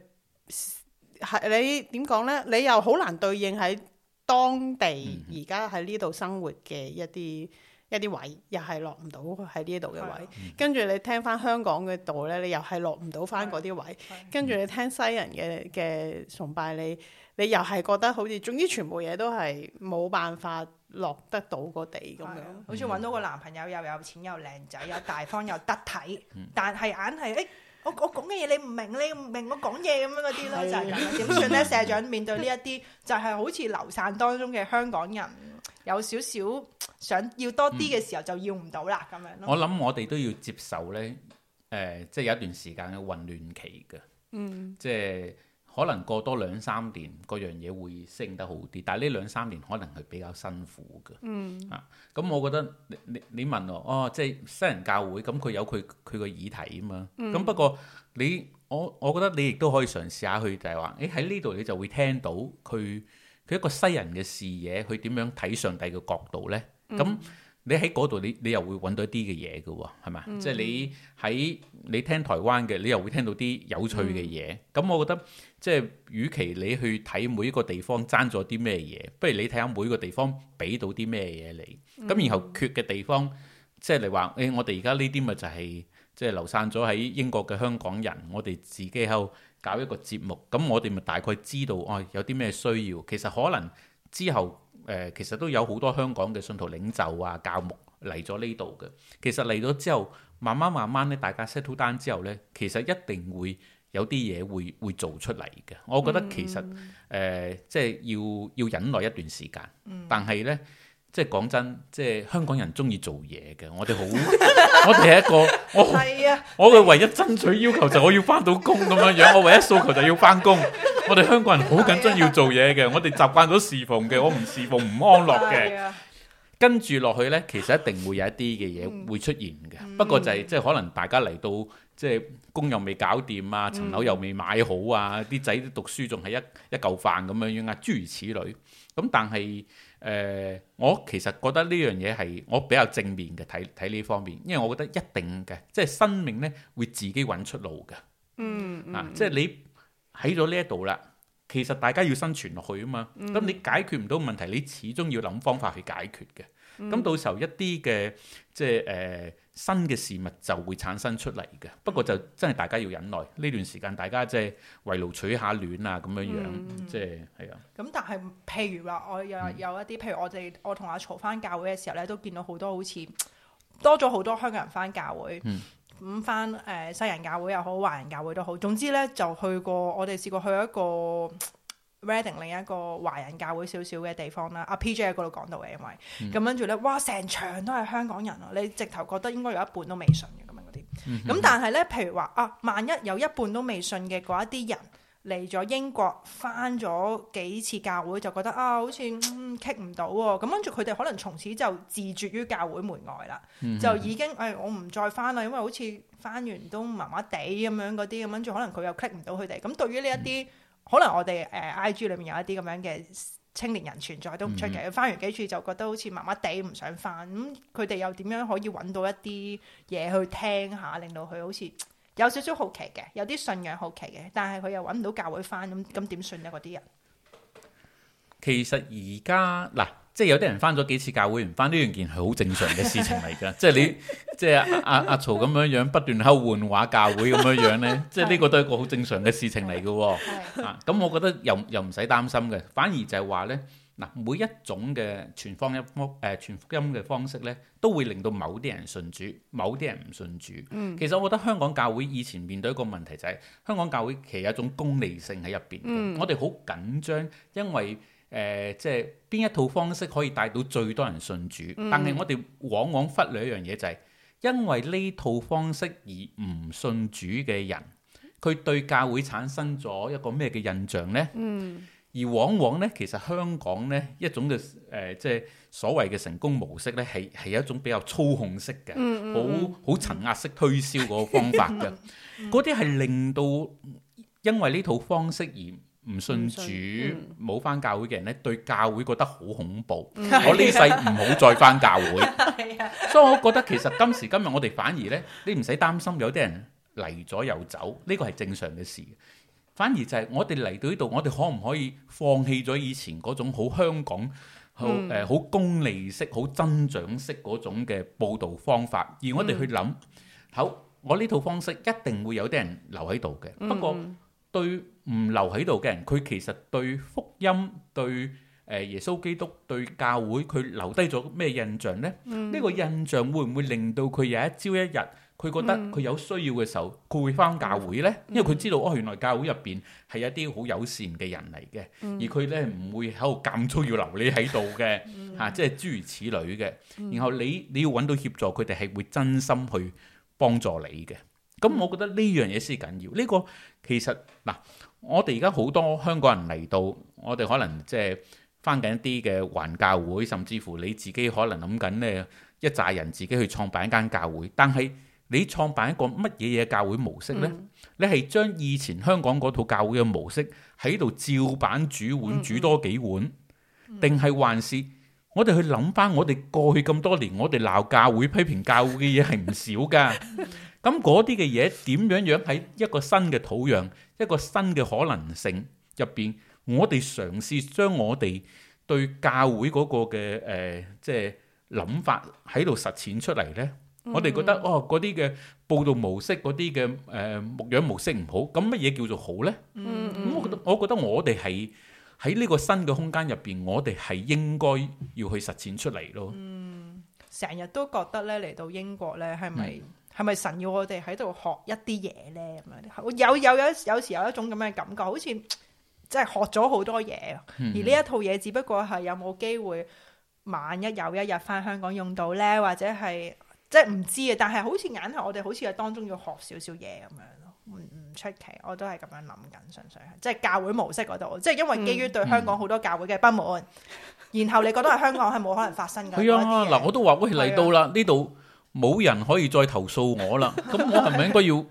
係你點講呢？你又好難對應喺當地而家喺呢度生活嘅一啲一啲位，又係落唔到喺呢度嘅位，嗯喲跟位。跟住你聽翻香港嘅度呢，你又係落唔到翻嗰啲位。跟住你聽西人嘅嘅崇拜你，你又係覺得好似總之全部嘢都係冇辦法落得到個地咁樣。好似揾到個男朋友又有錢、又靚仔、又大方、又得體，嗯、喲但係硬係誒。哎我我講嘅嘢你唔明，你唔明我講嘢咁樣嗰啲咧，就係咁。點算咧？社長面對呢一啲，就係好似流散當中嘅香港人，有少少想要多啲嘅時候就要唔到啦，咁樣咯，嗯。我諗我哋都要接受咧，誒、呃，即係有一段時間嘅混亂期嘅，嗯，即係。可能過多兩三年，嗰樣嘢會適應得好啲，但係呢兩三年可能係比較辛苦嘅。嗯啊，咁我覺得你你問我哦，即係西人教會，咁佢有佢佢個議題啊嘛。咁、嗯、不過你我我覺得你亦都可以嘗試下去，就係話，誒喺呢度你就會聽到佢佢一個西人嘅視野，佢點樣睇上帝嘅角度呢？咁、嗯。你喺嗰度你你又會揾到一啲嘅嘢嘅喎，係嘛？即係、嗯、你喺你聽台灣嘅，你又會聽到啲有趣嘅嘢。咁、嗯、我覺得即係、就是，與其你去睇每一個地方爭咗啲咩嘢，不如你睇下每個地方俾到啲咩嘢你。咁、嗯、然後缺嘅地方，即係你話誒，我哋而家呢啲咪就係即係流散咗喺英國嘅香港人，我哋自己喺度搞一個節目，咁我哋咪大概知道哦、哎、有啲咩需要。其實可能之後。誒，其實都有好多香港嘅信徒領袖啊、教牧嚟咗呢度嘅。其實嚟咗之後，慢慢慢慢咧，大家 settle down 之後咧，其實一定會有啲嘢會會做出嚟嘅。我覺得其實誒、呃，即係要要忍耐一段時間。但係咧，即係講真，即係香港人中意做嘢嘅，我哋好，我哋一個我係啊，我嘅 [laughs] [laughs] 唯一爭取要求就係我要返到工咁樣樣， [laughs] [laughs] 我唯一訴求就要返工。我哋香港人好緊張要做嘢嘅，我哋習慣咗侍奉嘅，我唔侍奉唔安樂嘅。跟住落去呢，其實一定會有一啲嘅嘢會出現嘅。不過就係即係可能大家嚟到，即係工又未搞掂啊，層樓又未買好啊，啲仔讀書仲係一一嚿飯咁樣樣啊，諸如此類。咁但係誒，我其實覺得呢樣嘢係我比較正面嘅，睇睇呢方面，因為我覺得一定嘅，即係生命呢會自己揾出路嘅。嗯，啊，即係你。喺咗呢一度啦，其實大家要生存落去啊嘛。咁、嗯、你解決唔到問題，你始終要諗方法去解決嘅。咁、嗯、到時候一啲嘅即係誒、呃、新嘅事物就會產生出嚟嘅。嗯、不過就真係大家要忍耐呢段時間，大家即係圍爐取下暖啊咁樣樣，嗯、即係係啊。咁但係譬如話，我有有一啲，譬如我哋我同阿曹返教會嘅時候咧，都見到好多好似多咗好多香港人返教會。嗯咁翻誒西人教會又好，華人教會都好，總之咧就去過，我哋試過去一個 Reading 另一個華人教會少少嘅地方啦。阿、啊、PJ 喺嗰度講到嘅，因為咁跟住咧，哇！成場都係香港人啊，你直頭覺得應該有一半都未信嘅咁樣嗰啲。咁、嗯、但係咧，譬如話啊，萬一有一半都未信嘅嗰一啲人。嚟咗英國翻咗幾次教會，就覺得啊，好似 click 唔到喎。咁、嗯、跟住佢哋可能從此就自絕於教會門外啦。嗯、哼就已經誒、哎，我唔再翻啦，因為好似翻完都麻麻地咁樣嗰啲。咁跟住可能佢又 click 唔到佢哋。咁對於呢一啲，嗯、可能我哋誒、呃、IG 裏面有一啲咁樣嘅青年人存在都唔出奇。嗯、翻完幾次就覺得好似麻麻地，唔想翻。咁佢哋又點樣可以揾到一啲嘢去聽下，令到佢好似？有少少好奇嘅，有啲信仰好奇嘅，但係佢又揾唔到教會翻，咁咁點算呢？嗰啲人其實而家嗱，即係有啲人翻咗幾次教會唔翻呢樣件係好正常嘅事情嚟噶。 [laughs] 即係你即係阿阿曹咁樣樣不斷喺度換畫教會咁樣樣呢，即係呢個都係一個好正常嘅事情嚟嘅。啊，咁我覺得又又唔使擔心嘅，反而就係話呢。嗱，每一種嘅傳、呃、福音方誒傳福音嘅方式咧，都會令到某啲人信主，某啲人唔信主。嗯、其實我覺得香港教會以前面對一個問題就係、是，香港教會其實有一種功利性喺入邊。嗯、我哋好緊張，因為誒、呃、即係邊一套方式可以帶到最多人信主，嗯、但係我哋往往忽略一樣嘢就係、是，因為呢套方式而唔信主嘅人，佢對教會產生咗一個咩嘅印象呢？嗯而往往呢，其實香港呢一種嘅誒、呃，即係所謂嘅成功模式呢，係係一種比較操控式嘅，好好層壓式推銷嗰個方法嘅。嗰啲係令到因為呢套方式而唔信主、冇返、嗯、教會嘅人呢，對教會覺得好恐怖。嗯、我呢世唔好再返教會。嗯、 [laughs] [laughs] 所以我覺得其實今時今日我哋反而呢，你唔使擔心有啲人嚟咗又走，呢個係正常嘅事。反而就係我哋嚟到呢度，我哋可唔可以放棄咗以前嗰種好香港好誒好功利式、好增長式嗰種嘅報導方法？而我哋去諗，好，我呢套方式一定會有啲人留喺度嘅。不過對唔留喺度嘅人，佢其實對福音、對誒耶穌基督、對教會，佢留低咗咩印象呢？呢個印象會唔會令到佢有一朝一日？佢覺得佢有需要嘅時候，佢、嗯、會返教會呢？嗯、因為佢知道哦，原來教會入邊係一啲好友善嘅人嚟嘅，嗯、而佢呢唔、嗯、會喺度監督要留你喺度嘅，嚇、嗯，即係、啊就是、諸如此類嘅。嗯、然後你你要揾到協助，佢哋係會真心去幫助你嘅。咁我覺得呢樣嘢先緊要。呢、嗯、個其實嗱，我哋而家好多香港人嚟到，我哋可能即係返緊一啲嘅環教會，甚至乎你自己可能諗緊呢一紮人自己去創辦一間教會，但係。你創辦一個乜嘢嘢教會模式呢？嗯、你係將以前香港嗰套教會嘅模式喺度照板煮碗煮多幾碗，定係、嗯嗯、還是我哋去諗返我哋過去咁多年我哋鬧教會、批評教會嘅嘢係唔少㗎。咁嗰啲嘅嘢點樣樣喺一個新嘅土壤、一個新嘅可能性入邊，我哋嘗試將我哋對教會嗰個嘅誒、呃、即係諗法喺度實踐出嚟呢？我哋覺得哦，嗰啲嘅報道模式，嗰啲嘅誒牧養模式唔好。咁乜嘢叫做好呢？咁我覺得，我覺得我哋係喺呢個新嘅空間入邊，我哋係應該要去實踐出嚟咯。嗯，成日都覺得咧，嚟到英國咧，係咪係咪神要我哋喺度學一啲嘢呢？咁樣有有有有時有一種咁嘅感覺，好似即係學咗好多嘢，而呢一套嘢只不過係有冇機會，萬一有一日返香港用到呢，或者係。即係唔知啊，但係好似眼下我哋好似係當中要學少少嘢咁樣咯，唔唔出奇，我都係咁樣諗緊，純粹係即係教會模式嗰度，即係因為基於對香港好多教會嘅不滿，嗯嗯、然後你覺得係香港係冇可能發生嘅嗰啲。係啊， [laughs] 嗱，我都話喂嚟到啦，呢度冇人可以再投訴我啦，咁我係咪應該要 [laughs] 的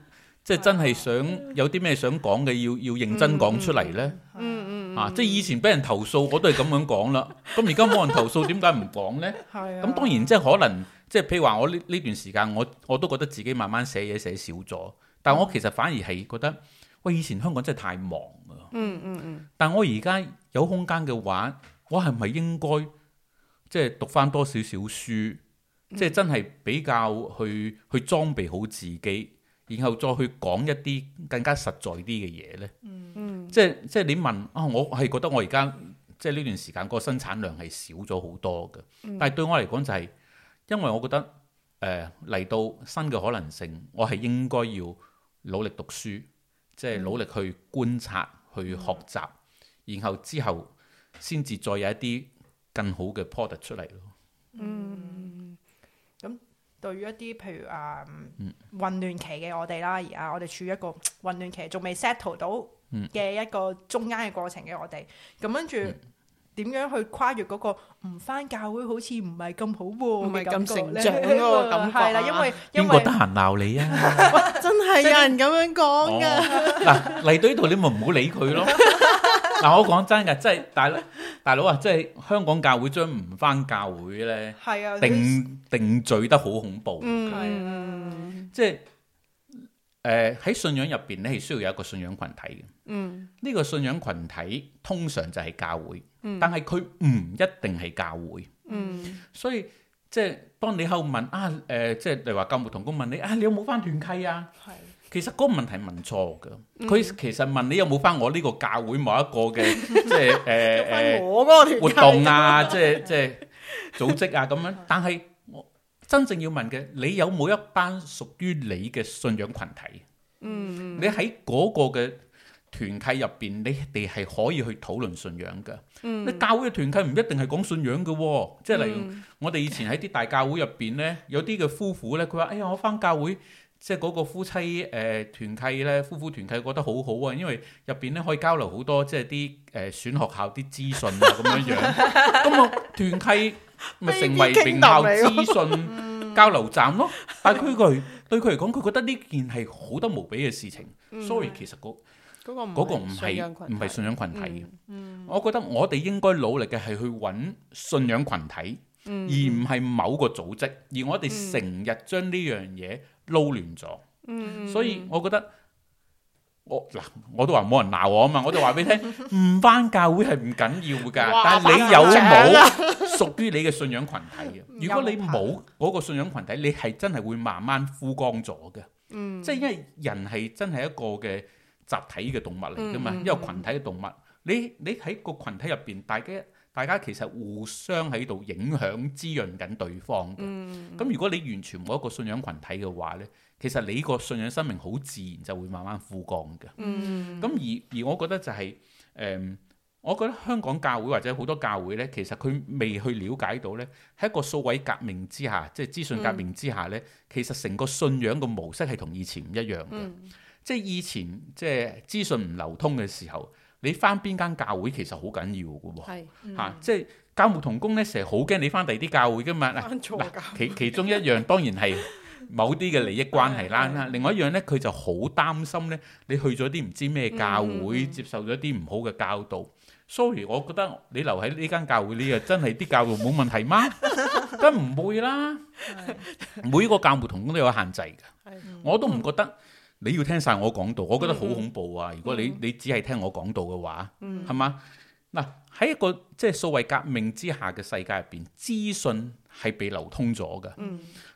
即係真係想有啲咩想講嘅要要認真講出嚟咧、嗯？嗯嗯啊，即係以前俾人投訴， [laughs] 我都係咁樣講啦。咁而家冇人投訴，點解唔講咧？係啊。咁當然即係可能。即係譬如話，我呢呢段時間我我都覺得自己慢慢寫嘢寫少咗，但係我其實反而係覺得，喂以前香港真係太忙啊、嗯。嗯嗯嗯。但係我而家有空間嘅話，我係咪應該即係、即係、讀翻多少少書，即、即、係、係、真係比較去、嗯、去裝備好自己，然後再去講一啲更加實在啲嘅嘢咧？嗯嗯。即係即係你問啊、哦，我係覺得我而家即係呢段時間個生產量係少咗好多嘅，嗯、但係對我嚟講就係、係。因為我覺得誒嚟、呃、到新嘅可能性，我係應該要努力讀書，即、就、係、是、努力去觀察、嗯、去學習，然後之後先至再有一啲更好嘅 product 出嚟咯。嗯，咁對於一啲譬如啊、呃、混亂期嘅我哋啦，嗯、而家我哋處於一個混亂期，仲未 settle 到嘅一個中間嘅過程嘅我哋，咁跟住。後點樣去跨越嗰個唔返教會好似唔係咁好喎嘅感覺，係啦，因為因為得閒鬧你啊， [laughs] [laughs] 真係有人咁樣講噶。嗱嚟、 [laughs] 哦、到呢度你咪唔好理佢咯。嗱我講真噶，即、就、係、是、大佬大佬啊，即、就、係、是、香港教會將唔返教會咧，係啊定定罪得好恐怖，嗯、啊，嗯，即係、就是。誒，喺信仰入邊咧，係需要有一個信仰群體嘅。嗯，呢個信仰群體通常就係教會。但係佢唔一定係教會。嗯，所以即係當你後問啊，誒，即係例如話教牧同工問你啊，你有冇返團契啊？係，其實嗰個問題問錯㗎。佢其實問你有冇返我呢個教會某一個嘅，即係誒誒，我嗰個活動啊，即係即係組織啊咁樣。但係。真正要問嘅，你有冇一班屬於你嘅信仰群體？嗯，嗯，你喺嗰個嘅團契入邊，你哋係可以去討論信仰嘅。嗯，你教會嘅團契唔一定係講信仰嘅喎，即係例如我哋以前喺啲大教會入邊咧，有啲嘅夫婦咧，佢話：哎呀，我返教會，即係嗰個夫妻誒團契咧，夫婦團契覺得好好啊，因為入邊咧可以交流好多，即係啲誒選學校啲資訊啊咁樣樣。咁 [laughs] 我團契。咪成為名校資訊交流站咯， [laughs] 嗯、但佢佢對佢嚟講，佢覺得呢件係好得無比嘅事情。Sorry，、嗯、其實嗰、那、嗰個唔係唔係信仰群體嘅。我覺得我哋應該努力嘅係去揾信仰群體，而唔係某個組織。而我哋成日將呢樣嘢撈亂咗，嗯、所以我覺得。我嗱，我都話冇人鬧我啊嘛，我就話俾你聽，唔翻 [laughs] 教會係唔緊要噶，哇但係你有冇屬於你嘅信仰群體？ [laughs] 如果你冇嗰個信仰群體，你係真係會慢慢枯光咗嘅。嗯、即係因為人係真係一個嘅集體嘅動物嚟噶嘛，一、嗯、因為群體嘅動物，你你喺個群體入邊，大家大家其實互相喺度影響滋潤緊對方嘅。咁、嗯、如果你完全冇一個信仰群體嘅話咧？其實你個信仰生命好自然就會慢慢枯乾嘅。嗯，咁而而我覺得就係、是、誒、呃，我覺得香港教會或者好多教會咧，其實佢未去了解到咧，喺一個數位革命之下，即係資訊革命之下咧，嗯、其實成個信仰個模式係同以前唔一樣嘅、嗯。即係以前即係資訊唔流通嘅時候，你返邊間教會其實好緊要嘅喎、嗯啊。即係教牧同工咧，成日好驚你返第二啲教會嘅嘛。嗱、嗯，其其中一樣當然係。 [laughs] [laughs] 某啲嘅利益關係啦，另外一樣呢，佢就好擔心呢，你去咗啲唔知咩教會，接受咗啲唔好嘅教導。Sorry，我覺得你留喺呢間教會，你啊真係啲教會冇問題嗎？梗唔會啦，每個教會同工都有限制嘅。我都唔覺得你要聽晒我講道，我覺得好恐怖啊！如果你你只係聽我講道嘅話，係嘛？嗱喺一個即係數位革命之下嘅世界入邊，資訊係被流通咗嘅，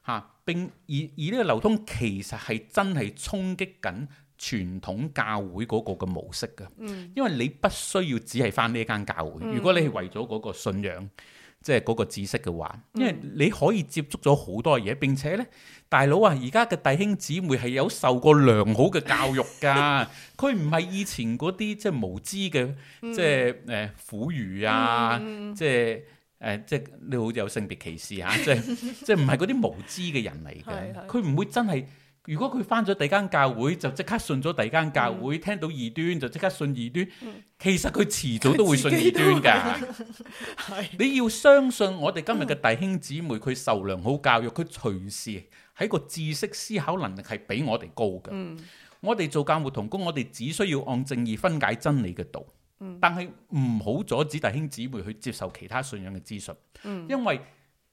嚇。而而呢個流通其實係真係衝擊緊傳統教會嗰個嘅模式嘅，嗯、因為你不需要只係返呢間教會。嗯、如果你係為咗嗰個信仰，即係嗰個知識嘅話，嗯、因為你可以接觸咗好多嘢。並且呢大佬啊，而家嘅弟兄姊妹係有受過良好嘅教育㗎，佢唔係以前嗰啲即係無知嘅，即係誒苦魚啊，即係。誒、呃，即係你好似有性別歧視嚇、啊，即係即係唔係嗰啲無知嘅人嚟嘅。佢唔 [laughs] 的會真係，如果佢翻咗第二間教會，就即刻信咗第二間教會，嗯、聽到異端就即刻信異端。嗯、其實佢遲早都會信異端㗎。 [laughs] 的你要相信我哋今日嘅弟兄姊妹，佢 [laughs] 受良好教育，佢隨時喺個知識思考能力係比我哋高嘅。嗯、我哋做教牧同工，我哋只需要按正義分解真理嘅道。但係唔好阻止弟兄姊妹去接受其他信仰嘅資訊，嗯、因為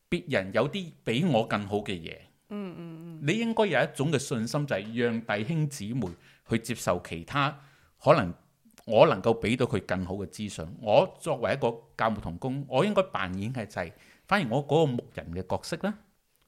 別人有啲比我更好嘅嘢。嗯嗯、你應該有一種嘅信心，就係讓弟兄姊妹去接受其他可能我能夠俾到佢更好嘅資訊。我作為一個教牧同工，我應該扮演嘅就係，反而我嗰個牧人嘅角色咧，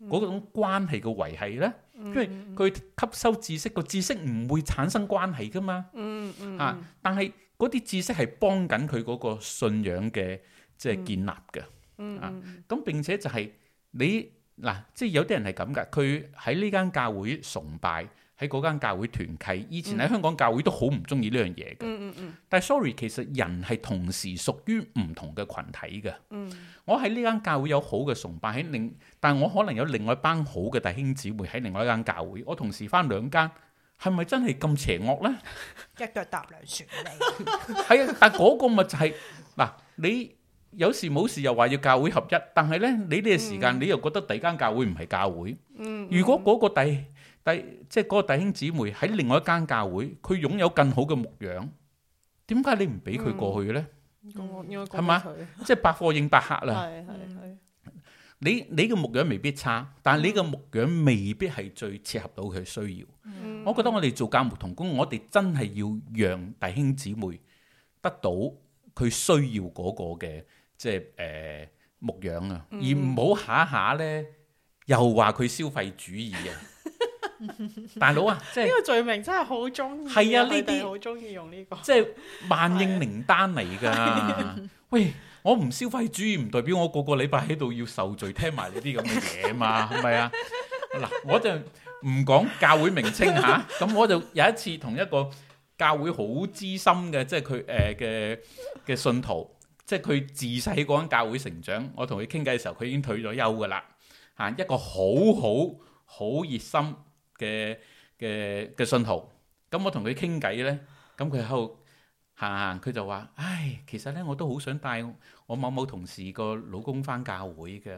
嗰、嗯、種關係嘅維繫咧，嗯、因為佢吸收知識，個知識唔會產生關係噶嘛。嗯嗯，啊，但係。嗰啲知識係幫緊佢嗰個信仰嘅即係建立嘅，嗯嗯、啊咁並且就係、是、你嗱，啊，即係有啲人係咁㗎，佢喺呢間教會崇拜，喺嗰間教會團契，以前喺香港教會都好唔中意呢樣嘢嘅。嗯嗯，但係 sorry，其實人係同時屬於唔同嘅群體嘅，嗯。嗯。我喺呢間教會有好嘅崇拜喺另，但我可能有另外一班好嘅弟兄姊妹喺另外一間教會，我同時返兩間。係咪真係咁邪惡咧？一腳踏兩船，係啊！但嗰個咪就係嗱，你有時冇事又話要教會合一，但係咧，你呢個時間你又覺得第二間教會唔係教會。嗯，如果嗰個弟弟即係嗰個弟兄姊妹喺另外一間教會，佢擁有更好嘅牧養，點解你唔俾佢過去嘅咧？係嘛，即係百貨應百客啦。係係係。你你個牧養未必差，但係你個牧養未必係最切合到佢需要。嗯、我覺得我哋做教牧同工，我哋真係要讓弟兄姊妹得到佢需要嗰個嘅即係誒牧養啊，就是呃嗯、而唔好下下咧又話佢消費主義 [laughs] 啊，大佬啊，呢個罪名真係好中意，係啊，呢啲好中意用呢、這個，即係、就是、萬應靈丹嚟㗎。是啊 [laughs] 喂，我唔消費主義唔代表我個個禮拜喺度要受罪，聽埋呢啲咁嘅嘢嘛，係咪啊？嗱，我就唔講教會名稱吓，咁、啊、我就有一次同一個教會好資深嘅，即係佢誒嘅嘅信徒，即係佢自細喺嗰間教會成長。我同佢傾偈嘅時候，佢已經退咗休噶啦吓，一個好好好熱心嘅嘅嘅信徒。咁我同佢傾偈咧，咁佢喺度。行行佢就話：唉，其實咧，我都好想帶我某某同事個老公返教會嘅，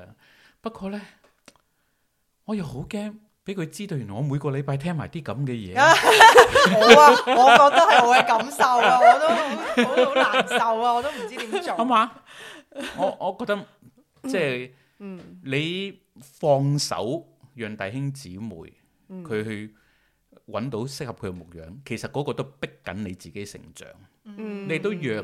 不過咧，我又好驚俾佢知道原來我每個禮拜聽埋啲咁嘅嘢。我覺得係我嘅感受啊，我都好好難受啊，我都唔知點做。好嘛、嗯？我我覺得即係，嗯、你放手讓弟兄姊妹佢、嗯、去揾到適合佢嘅模樣，其實嗰個都逼緊你自己成長。嗯，你都讓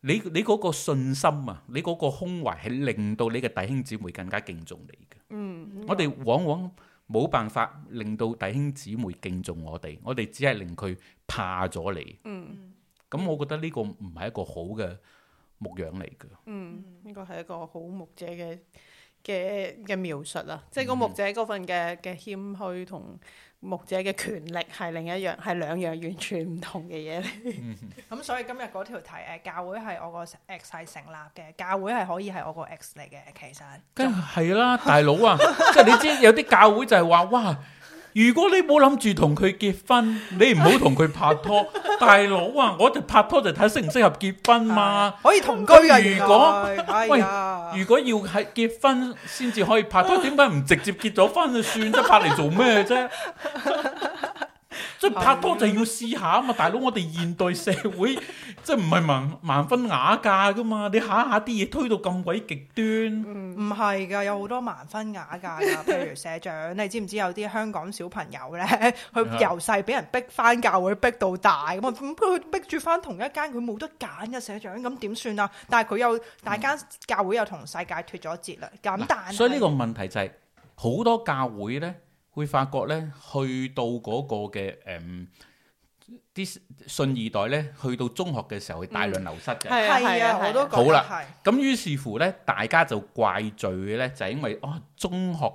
你你嗰個信心啊，你嗰個胸懷係令到你嘅弟兄姊妹更加敬重你嘅，嗯。嗯，我哋往往冇辦法令到弟兄姊妹敬重我哋，我哋只係令佢怕咗你。嗯，咁我覺得呢個唔係一個好嘅牧養嚟嘅。嗯，呢個係一個好牧者嘅嘅嘅描述啊，即係個牧者嗰份嘅嘅謙虛同牧者嘅權力係另一樣，係兩樣完全唔同嘅嘢。嚟、嗯哼。咁 [laughs] 所以今日嗰條題，教會係我個 Ex 係成立嘅，教會係可以係我個 Ex 嚟嘅，其實梗係啦，大佬啊，即係 [laughs] 你知有啲教會就係話哇。如果你冇諗住同佢結婚，你唔好同佢拍拖。 [laughs] 大佬啊，我哋拍拖就睇適唔適合結婚嘛，可以同居啊。如果、哎、喂，如果要係結婚先至可以拍拖，點解唔直接結咗婚就算啦？拍嚟做咩啫？ [laughs] 即係拍拖就要試下啊嘛！ [laughs] 大佬，我哋現代社會 [laughs] 即係唔係盲婚啞嫁噶嘛？你下下啲嘢推到咁鬼極端，唔係噶，有好多盲婚啞嫁噶，譬如社長， [laughs] 你知唔知有啲香港小朋友咧，佢由細俾人逼翻教會逼到大咁啊，咁佢逼住翻同一間佢冇得揀嘅社長，咁點算啊？但係佢又大間教會又同世界脱咗節啦，咁、嗯、但是所以呢個問題就係、是、好多教會咧。會發覺咧，去到嗰個嘅誒啲信二代咧，去到中學嘅時候，會大量流失嘅。係、嗯、啊，啊，我都覺得係。好啦，咁於是乎咧，大家就怪罪咧，就係、是、因為哦，中學。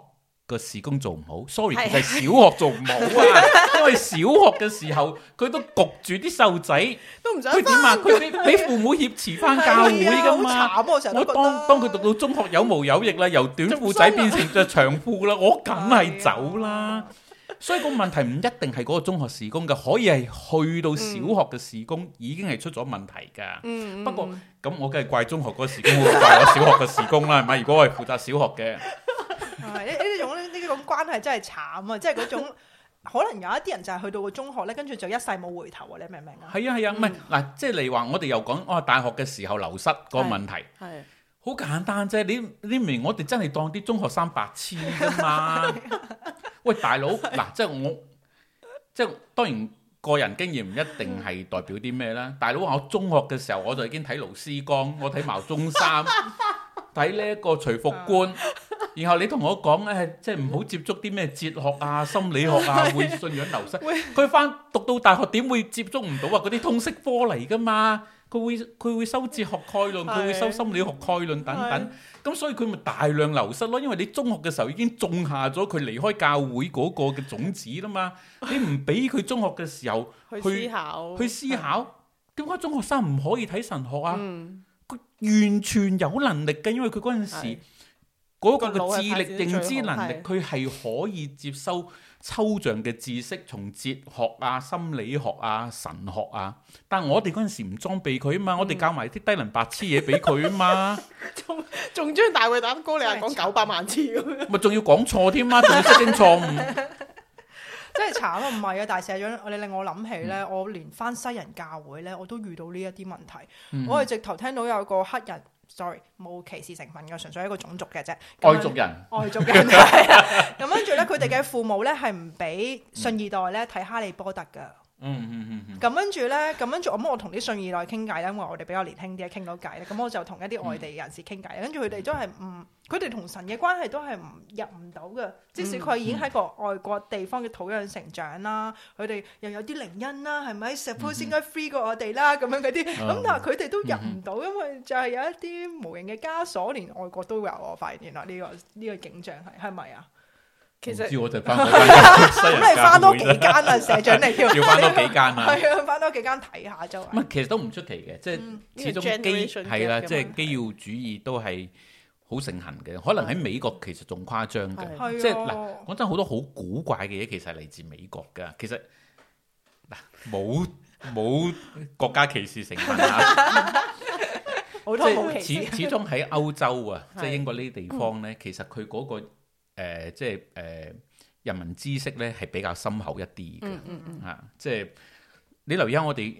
個事工做唔好，sorry，係小學做唔好啊， [laughs] 因為小學嘅時候佢都焗住啲細路仔，都唔想佢點啊，佢俾父母挾持返教會㗎嘛，我，常常我當當佢讀到中學有毛有翼啦，由短褲仔變成着長褲啦，啊、 [laughs] 我梗係走啦。所以個問題唔一定係嗰個中學時工噶，可以係去到小學嘅時工已經係出咗問題噶。嗯嗯、不過咁我梗係怪中學嗰個時工，怪我小學嘅時工啦，係咪？ [laughs] 如果我係負責小學嘅，呢呢 [laughs] 種呢種關係真係慘啊！即係嗰種可能有一啲人就係去到個中學咧，跟住就一世冇回頭啊！你明唔明啊？係啊係啊，唔係嗱，即係嚟話我哋又講哦、啊，大學嘅時候流失個問題係。好簡單啫，你你明？我哋真係當啲中學生白痴噶嘛？ [laughs] 喂，大佬嗱，即係我，即係當然個人經驗唔一定係代表啲咩啦。大佬我中學嘅時候我就已經睇勞思光，我睇牟宗三，睇呢一個徐復觀， [laughs] 然後你同我講誒、哎，即係唔好接觸啲咩哲學啊、心理學啊，會信仰流失。佢返 [laughs] 讀到大學點會接觸唔到啊？嗰啲通識科嚟噶嘛？佢會佢會收哲學概論，佢會收心理學概論等等，咁是的 所以佢咪大量流失咯。因為你中學嘅時候已經種下咗佢離開教會嗰個嘅種子啦嘛。 [laughs] 你唔俾佢中學嘅時候去，去思考，去思考，點解是的 中學生唔可以睇神學啊？佢、嗯、完全有能力嘅，因為佢嗰陣時。嗰個嘅智力認知能力，佢係可以接收抽象嘅知識，從哲學啊、心理學啊、神學啊。但係我哋嗰陣時唔裝備佢啊嘛，嗯、我哋教埋啲低能白痴嘢俾佢啊嘛，仲仲將大衛打哥利亞你係講九百萬次咁，咪仲要講錯添啊，仲要出啲錯誤， [laughs] 真係慘啊！唔係啊，大社長，你令我諗起咧，嗯、我連返西人教會咧，我都遇到呢一啲問題。嗯、我係直頭聽到有個黑人。sorry 冇歧視成分嘅，純粹係一個種族嘅啫，外族人，外族人，咁跟住咧，佢哋嘅父母咧係唔俾信二代咧睇《哈利波特》噶。嗯嗯嗯，咁跟住咧，咁跟住我我同啲信二代傾偈咧，因為我哋比較年輕啲，傾到偈咧，咁我就同一啲外地人士傾偈，跟住佢哋都係唔，佢哋同神嘅關係都係唔入唔到嘅，即使佢已經喺個外國地方嘅土壤成長啦，佢哋又有啲靈恩啦，係咪？s、嗯嗯、suppose 應該 free 過我哋啦，咁樣嗰啲，咁、嗯嗯、但係佢哋都入唔到，因為就係有一啲無形嘅枷鎖，嗯嗯、連外國都有，我發現原來、這個，呢、這個呢、這個景象係係咪啊？是其實我哋翻咁你翻多幾間啊，社長你要翻多幾間啊，係啊翻多幾間睇下就。唔係其實都唔出奇嘅，即係始終基係啦，即係基要主義都係好盛行嘅。可能喺美國其實仲誇張嘅，即係嗱，講真好多好古怪嘅嘢，其實係嚟自美國噶。其實嗱，冇冇國家歧視成分啊，始始終喺歐洲啊，即係英國呢啲地方咧，其實佢嗰個。誒，即係誒，人民知識咧係比較深厚一啲嘅，啊，即係你留意下我哋，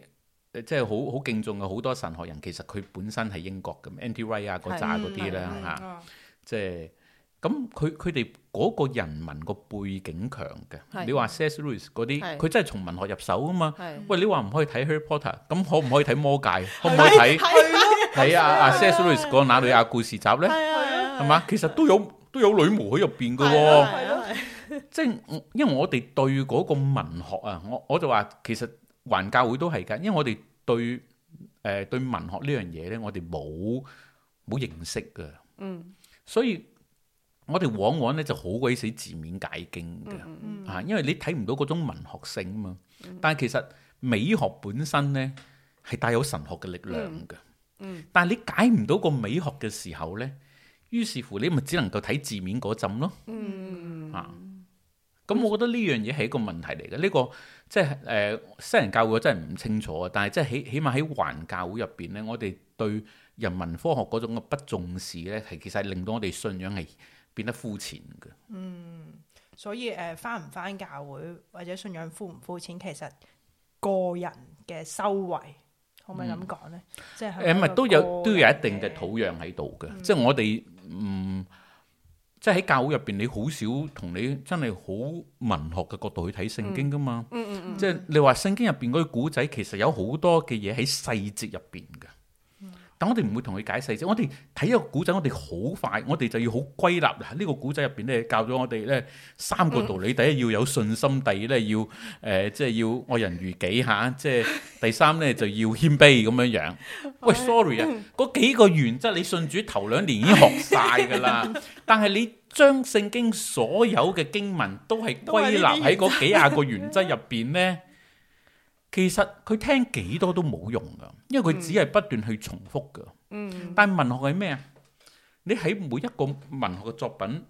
即係好好敬重嘅好多神學人，其實佢本身係英國咁 N.T. Wright 啊，嗰扎嗰啲啦，吓，即係咁，佢佢哋嗰個人文個背景強嘅，你話 C.S. Lewis 嗰啲，佢真係從文學入手啊嘛，喂，你話唔可以睇 Harry Potter，咁可唔可以睇魔戒？可唔可以睇？係啊，啊 C.S. Lewis 講納尼亞故事集咧，係嘛，其實都有。都有女模喺入邊噶喎， [laughs] 即係，因為我哋對嗰個文學啊，我我就話，其實環教會都係噶，因為我哋對誒、呃、對文學呢樣嘢咧，我哋冇冇認識噶、嗯嗯，嗯，所以我哋往往咧就好鬼死字面解經噶，啊，因為你睇唔到嗰種文學性啊嘛，嗯、但係其實美學本身咧係帶有神學嘅力量噶、嗯，嗯，但係你解唔到個美學嘅時候咧。於是乎你咪只能夠睇字面嗰陣咯。嗯啊，咁我覺得呢樣嘢係一個問題嚟嘅。呢、呢個即係誒、呃、新人教會真係唔清楚啊。但係即係起起碼喺環教會入邊咧，我哋對人文科學嗰種嘅不重視咧，係其實令到我哋信仰係變得膚淺嘅。嗯，所以誒，返唔返教會或者信仰膚唔膚淺，其實個人嘅修為可唔可以咁講咧？呢嗯、即係誒，唔係、呃、都有都有一定嘅土壤喺度嘅。嗯、即係我哋。唔、嗯，即係喺教會入邊，你好少同你真係好文學嘅角度去睇聖經噶嘛。嗯嗯嗯、即係你話聖經入邊嗰啲古仔，其實有好多嘅嘢喺細節入邊㗎。但我哋唔會同佢解釋啫，我哋睇一個古仔，我哋好快，我哋就要好歸納啦。這個、呢個古仔入邊咧，教咗我哋咧三個道理：嗯、第一要有信心，第二咧要誒、呃，即係要愛人如己嚇、啊，即係第三咧 [laughs] 就要謙卑咁樣樣。喂，sorry 啊，嗰 [laughs] 幾個原則你信主頭兩年已經學晒㗎啦， [laughs] 但係你將聖經所有嘅經文都係歸納喺嗰幾廿個原則入邊咧。其實佢聽幾多都冇用噶，因為佢只係不斷去重複噶。嗯，但文學係咩啊？你喺每一個文學嘅作品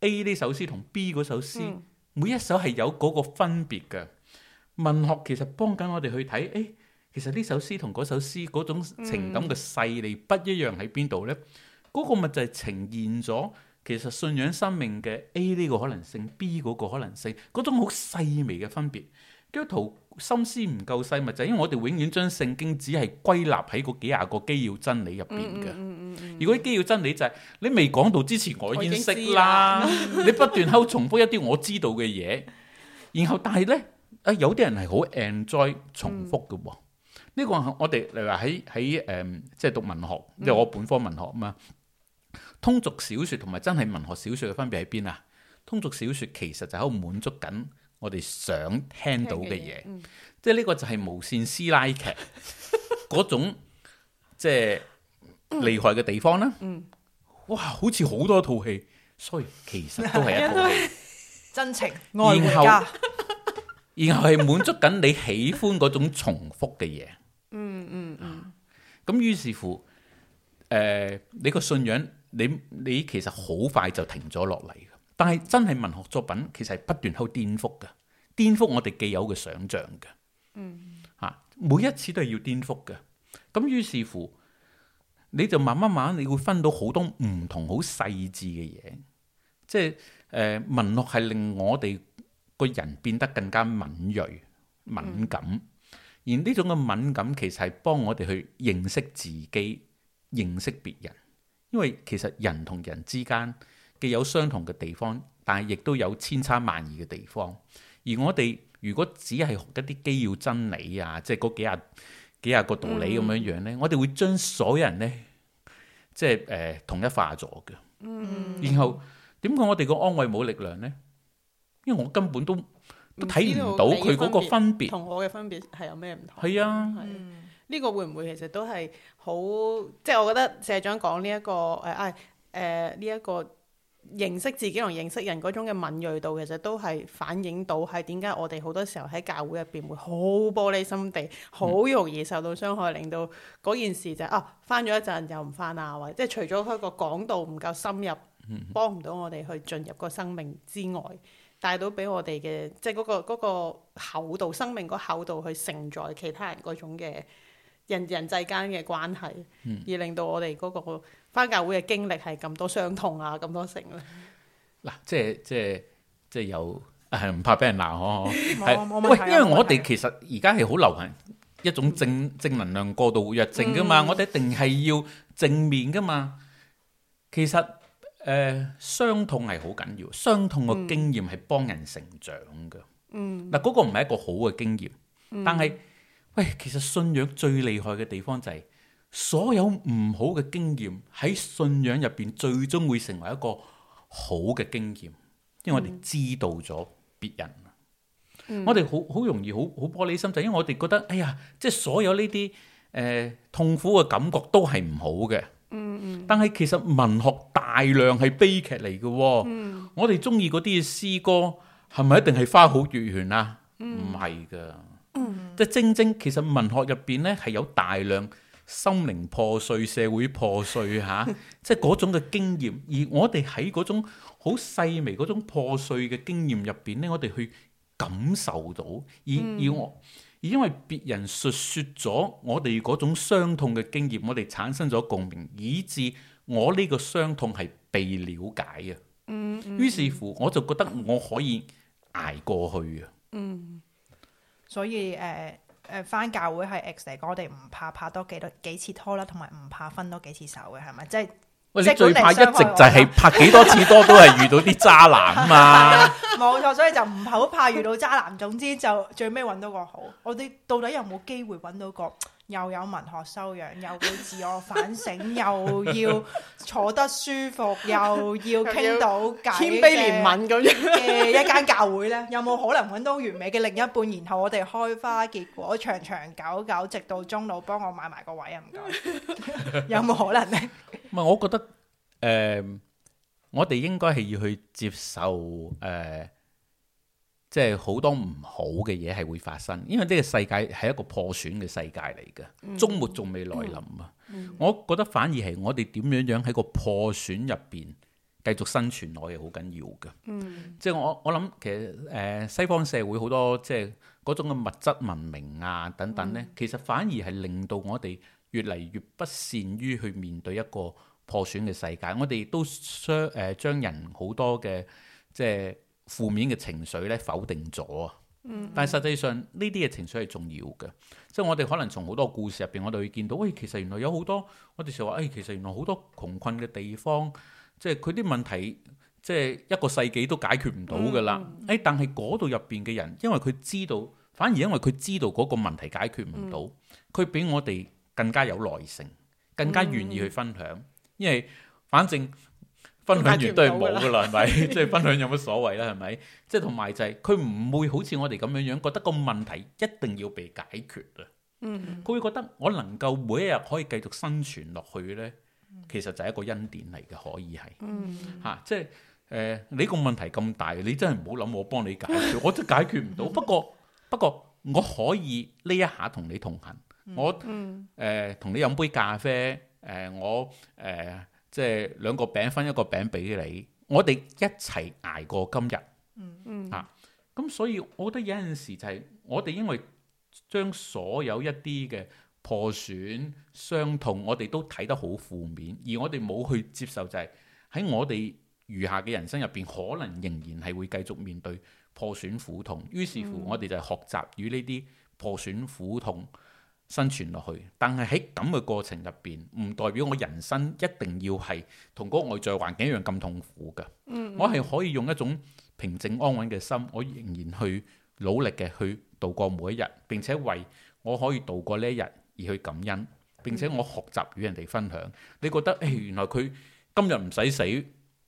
A 呢首詩同 B 嗰首詩，嗯、每一首係有嗰個分別嘅。文學其實幫緊我哋去睇，誒、哎，其實呢首詩同嗰首詩嗰種情感嘅細膩不一樣喺邊度咧？嗰、嗯、個咪就係呈現咗，其實信仰生命嘅 A 呢個可能性，B 嗰個可能性，嗰種好細微嘅分別。基督徒心思唔夠細密就係、是，因為我哋永遠將聖經只係歸納喺嗰幾廿個基要真理入邊嘅。如果、嗯嗯嗯嗯、基要真理就係、是嗯、你未講到之前，我已經識啦。嗯嗯、你不斷喺度重複一啲我知道嘅嘢，然後但係呢，啊有啲人係好 enjoy 重複嘅。呢、嗯、個我哋例如話喺喺誒，即係、呃就是、讀文學，即係、嗯、我本科文學嘛。通俗小説同埋真係文學小説嘅分別喺邊啊？通俗小説其實就喺度滿足緊，我哋想聽到嘅嘢，即係呢個就係無線師奶劇嗰種即係厲害嘅地方啦。嗯，哇，好似好多套戲，所以其實都係一套戲 [laughs] 真情愛回家然後，然後係滿足緊你喜歡嗰種重複嘅嘢、嗯。嗯嗯咁、嗯、於是乎，誒、呃，你個信仰，你你其實好快就停咗落嚟。但係真係文學作品，其實係不斷喺度顛覆嘅，顛覆我哋既有嘅想象嘅。嗯，啊，每一次都係要顛覆嘅。咁於是乎，你就慢慢慢你會分到好多唔同好細緻嘅嘢。即係誒、呃，文學係令我哋個人變得更加敏銳、敏感。嗯、而呢種嘅敏感，其實係幫我哋去認識自己、認識別人。因為其實人同人之間。有相同嘅地方，但係亦都有千差萬異嘅地方。而我哋如果只係學一啲基要真理啊，即係幾廿幾廿個道理咁樣樣咧，我哋會將所有人咧，即係誒統一化咗嘅。嗯，然後點解我哋個安慰冇力量咧？因為我根本都都睇唔到佢嗰個分別同我嘅分別係有咩唔同？係啊，呢個會唔會其實都係好？即係我覺得社長講呢一個誒誒呢一個。認識自己同認識人嗰種嘅敏鋭度，其實都係反映到係點解我哋好多時候喺教會入邊會好玻璃心地，好容易受到傷害，令到嗰件事就啊返咗一陣又唔返啊，或即係除咗佢個講道唔夠深入，幫唔到我哋去進入個生命之外，帶到俾我哋嘅即係嗰個嗰個厚度生命嗰厚度去承載其他人嗰種嘅。人人際間嘅關係，而令到我哋嗰個返教會嘅經歷係咁多傷痛啊，咁多成咧。嗱，即係即係即係有，係唔怕俾人鬧嗬？係喂，因為我哋其實而家係好流行一種正正能量過度弱症噶嘛，我哋一定係要正面噶嘛。其實誒，傷痛係好緊要，傷痛嘅經驗係幫人成長噶。嗯。嗱，嗰個唔係一個好嘅經驗，但係。喂，其實信仰最厲害嘅地方就係、是，所有唔好嘅經驗喺信仰入邊最終會成為一個好嘅經驗，因為我哋知道咗別人。嗯、我哋好好容易好好玻璃心，就因為我哋覺得，哎呀，即係所有呢啲誒痛苦嘅感覺都係唔好嘅、嗯。嗯嗯。但係其實文學大量係悲劇嚟嘅、哦。嗯。我哋中意嗰啲詩歌係咪一定係花好月圓啊？唔係㗎。即係正正，其實文學入邊咧係有大量心靈破碎、社會破碎嚇，啊、 [laughs] 即係嗰種嘅經驗。而我哋喺嗰種好細微嗰種破碎嘅經驗入邊咧，我哋去感受到，而而我而因為別人述説咗我哋嗰種傷痛嘅經驗，我哋產生咗共鳴，以致我呢個傷痛係被了解嘅、嗯。嗯，於是乎我就覺得我可以捱過去啊。嗯。所以誒誒返教會係 ex 嚟講，我哋唔怕拍多幾多幾次拖啦，同埋唔怕分多幾次手嘅，係咪？即係哇即係最怕一直就係拍幾多次多都係遇到啲渣男啊嘛！冇 [laughs] 錯，所以就唔好怕，怕遇到渣男。 [laughs] 總之就最尾搵到個好。我哋到底有冇機會搵到個？又有文學修養，又會自我反省，又要坐得舒服，又要傾到偈，悲天憫人咁嘅一間教會呢，有冇可能揾到完美嘅另一半，然後我哋開花結果，長長久久，直到終老幫我買埋個位啊？唔該，有冇可能呢？唔係，我覺得誒，我哋應該係要去接受誒。即係好多唔好嘅嘢係會發生，因為呢個世界係一個破損嘅世界嚟嘅，終、嗯、末仲未來臨啊！嗯嗯、我覺得反而係我哋點樣樣喺個破損入邊繼續生存落去，好緊要嘅。嗯，即係我我諗其實誒、呃、西方社會好多即係嗰種嘅物質文明啊等等呢，嗯、其實反而係令到我哋越嚟越不善於去面對一個破損嘅世界。我哋都將誒將人好多嘅即係。負面嘅情緒咧，否定咗啊，嗯嗯，但係實際上呢啲嘅情緒係重要嘅，即係我哋可能從好多故事入邊，我哋會見到，喂，其實原來有好多，我哋成日話，誒、哎，其實原來好多窮困嘅地方，即係佢啲問題，即係一個世紀都解決唔到㗎啦。誒、嗯嗯，但係嗰度入邊嘅人，因為佢知道，反而因為佢知道嗰個問題解決唔到，佢、嗯、比我哋更加有耐性，更加願意去分享，嗯嗯，因為反正。分享完都係冇噶啦，係咪？ [laughs] 即係分享有乜所謂咧？係咪？即係同埋就係佢唔會好似我哋咁樣樣，覺得個問題一定要被解決啊。嗯，嗯，佢會覺得我能夠每一日可以繼續生存落去咧，其實就係一個恩典嚟嘅，可以係。嗯，嗯，吓、啊，即係誒，你個問題咁大，你真係唔好諗我幫你解決， [laughs] 我都解決唔到。嗯嗯。不過不過，我可以呢一下同你同行，嗯、我誒同、呃、你飲杯咖啡，誒、呃、我誒。呃呃即係兩個餅分一個餅俾你，我哋一齊捱過今日。嗯嗯啊，咁所以我覺得有陣時就係我哋因為將所有一啲嘅破損傷痛，我哋都睇得好負面，而我哋冇去接受就係喺我哋餘下嘅人生入邊，可能仍然係會繼續面對破損苦痛。於是乎，我哋就係學習與呢啲破損苦痛，嗯嗯生存落去，但係喺咁嘅過程入邊，唔代表我人生一定要係同嗰個外在環境一樣咁痛苦噶。我係可以用一種平靜安穩嘅心，我仍然去努力嘅去度過每一日，並且為我可以度過呢一日而去感恩，並且我學習與人哋分享。你覺得誒，原來佢今日唔使死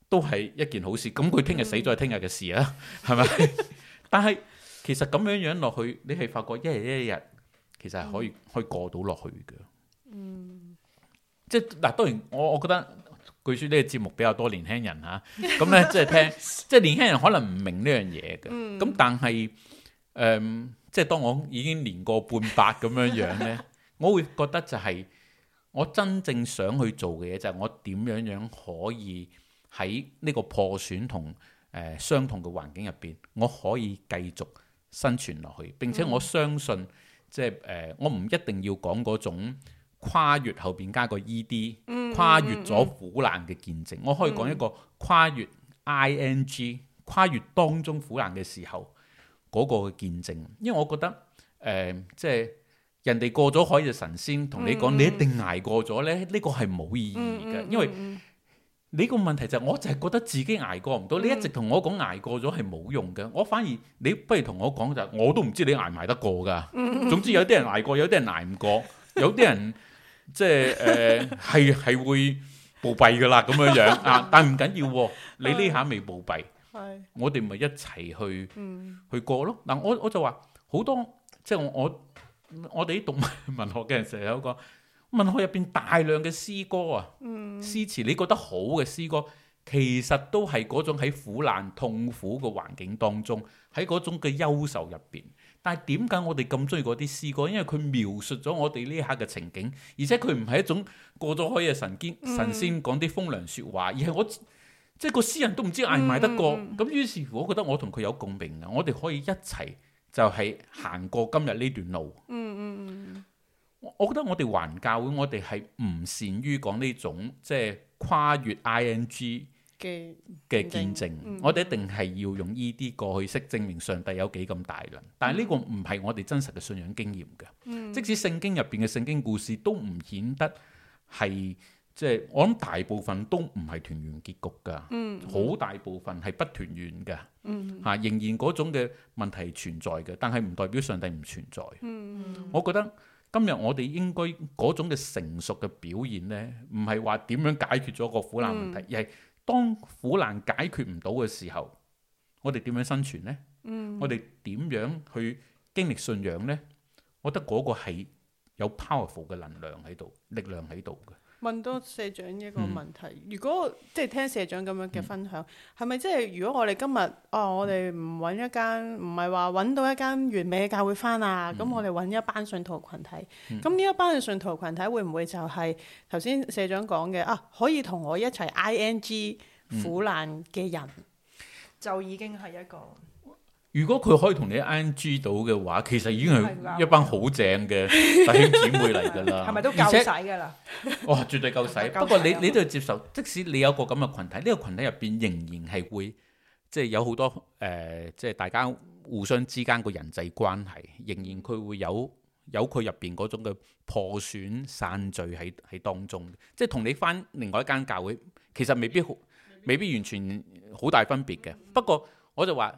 都係一件好事，咁佢聽日死咗係聽日嘅事啊，係咪？但係其實咁樣樣落去，你係發覺一日一日。其實係可以、嗯、可以過到落去嘅，嗯，即係嗱，當然我我覺得，據說呢個節目比較多年輕人吓，咁、啊、咧、嗯、 [laughs] 即係聽，即係年輕人可能唔明呢樣嘢嘅，咁、嗯、但係誒、呃，即係當我已經年過半百咁樣樣咧， [laughs] 我會覺得就係、是、我真正想去做嘅嘢就係我點樣樣可以喺呢個破損、呃、相同誒傷痛嘅環境入邊，我可以繼續生存落去，並且我相信、嗯。即係誒，我唔一定要講嗰種跨越後邊加個 E D，跨越咗苦難嘅見證。嗯嗯嗯、我可以講一個跨越 I N G，跨越當中苦難嘅時候嗰、那個嘅見證。因為我覺得誒，即、呃、係、就是、人哋過咗海就神仙，同你講你一定捱過咗咧，呢、這個係冇意義嘅，因為。你個問題就係，我就係覺得自己捱過唔到。嗯、你一直同我講捱過咗係冇用嘅，我反而你不如同我講就，我都唔知你捱唔捱得過噶。嗯、總之有啲人捱過，有啲人捱唔過，有啲人即係誒，係係、 [laughs] 呃、會暴斃噶啦咁樣樣啊！但係唔緊要、啊，你呢下未暴斃， [laughs] 我哋咪一齊去、嗯、去過咯。嗱、嗯呃，我我就話好多即係我我我哋啲讀文學嘅人成日都講。文學入邊大量嘅詩歌啊，詩詞、嗯、你覺得好嘅詩歌，其實都係嗰種喺苦難、痛苦嘅環境當中，喺嗰種嘅憂愁入邊。但係點解我哋咁中意嗰啲詩歌？因為佢描述咗我哋呢刻嘅情景，而且佢唔係一種過咗去嘅神經神仙講啲風涼說話，嗯、而係我即係個詩人都唔知挨唔挨得過。咁於、嗯嗯、是乎，我覺得我同佢有共鳴啊！我哋可以一齊就係行過今日呢段路。嗯嗯嗯。嗯嗯我覺得我哋環教會，我哋係唔善於講呢種即係跨越 ING 嘅嘅見證。嗯、我哋一定係要用呢啲過去式證明上帝有幾咁大能，但係呢個唔係我哋真實嘅信仰經驗嘅。嗯、即使聖經入邊嘅聖經故事都唔顯得係即係，我諗大部分都唔係團圓結局噶，好、嗯嗯、大部分係不團圓嘅，吓、嗯嗯啊、仍然嗰種嘅問題存在嘅，但係唔代表上帝唔存在。嗯嗯嗯、我覺得。今日我哋應該嗰種嘅成熟嘅表現呢，唔係話點樣解決咗個苦難問題，嗯、而係當苦難解決唔到嘅時候，我哋點樣生存呢？嗯、我哋點樣去經歷信仰呢？我覺得嗰個係有 powerful 嘅能量喺度，力量喺度。問多社長一個問題，嗯、如果即係、就是、聽社長咁樣嘅分享，係咪即係如果我哋今日哦，我哋唔揾一間，唔係話揾到一間完美嘅教會返啊，咁、嗯、我哋揾一班信徒群體，咁呢、嗯、一班嘅信徒群體會唔會就係頭先社長講嘅啊，可以同我一齊 ING 苦難嘅人，嗯、就已經係一個。如果佢可以同你 ing 到嘅話，其實已經係一班好正嘅弟兄姊妹嚟噶啦，係咪 [laughs] 都夠使噶啦？哇，絕對夠使！ [laughs] 不過你 [laughs] 你都要接受，即使你有個咁嘅群體，呢、呢個群體入邊仍然係會即係有好多誒，即係、呃、大家互相之間個人際關係，仍然佢會有有佢入邊嗰種嘅破損散聚喺喺當中。即係同你返另外一間教會，其實未必好，未必完全好大分別嘅。不過我就話。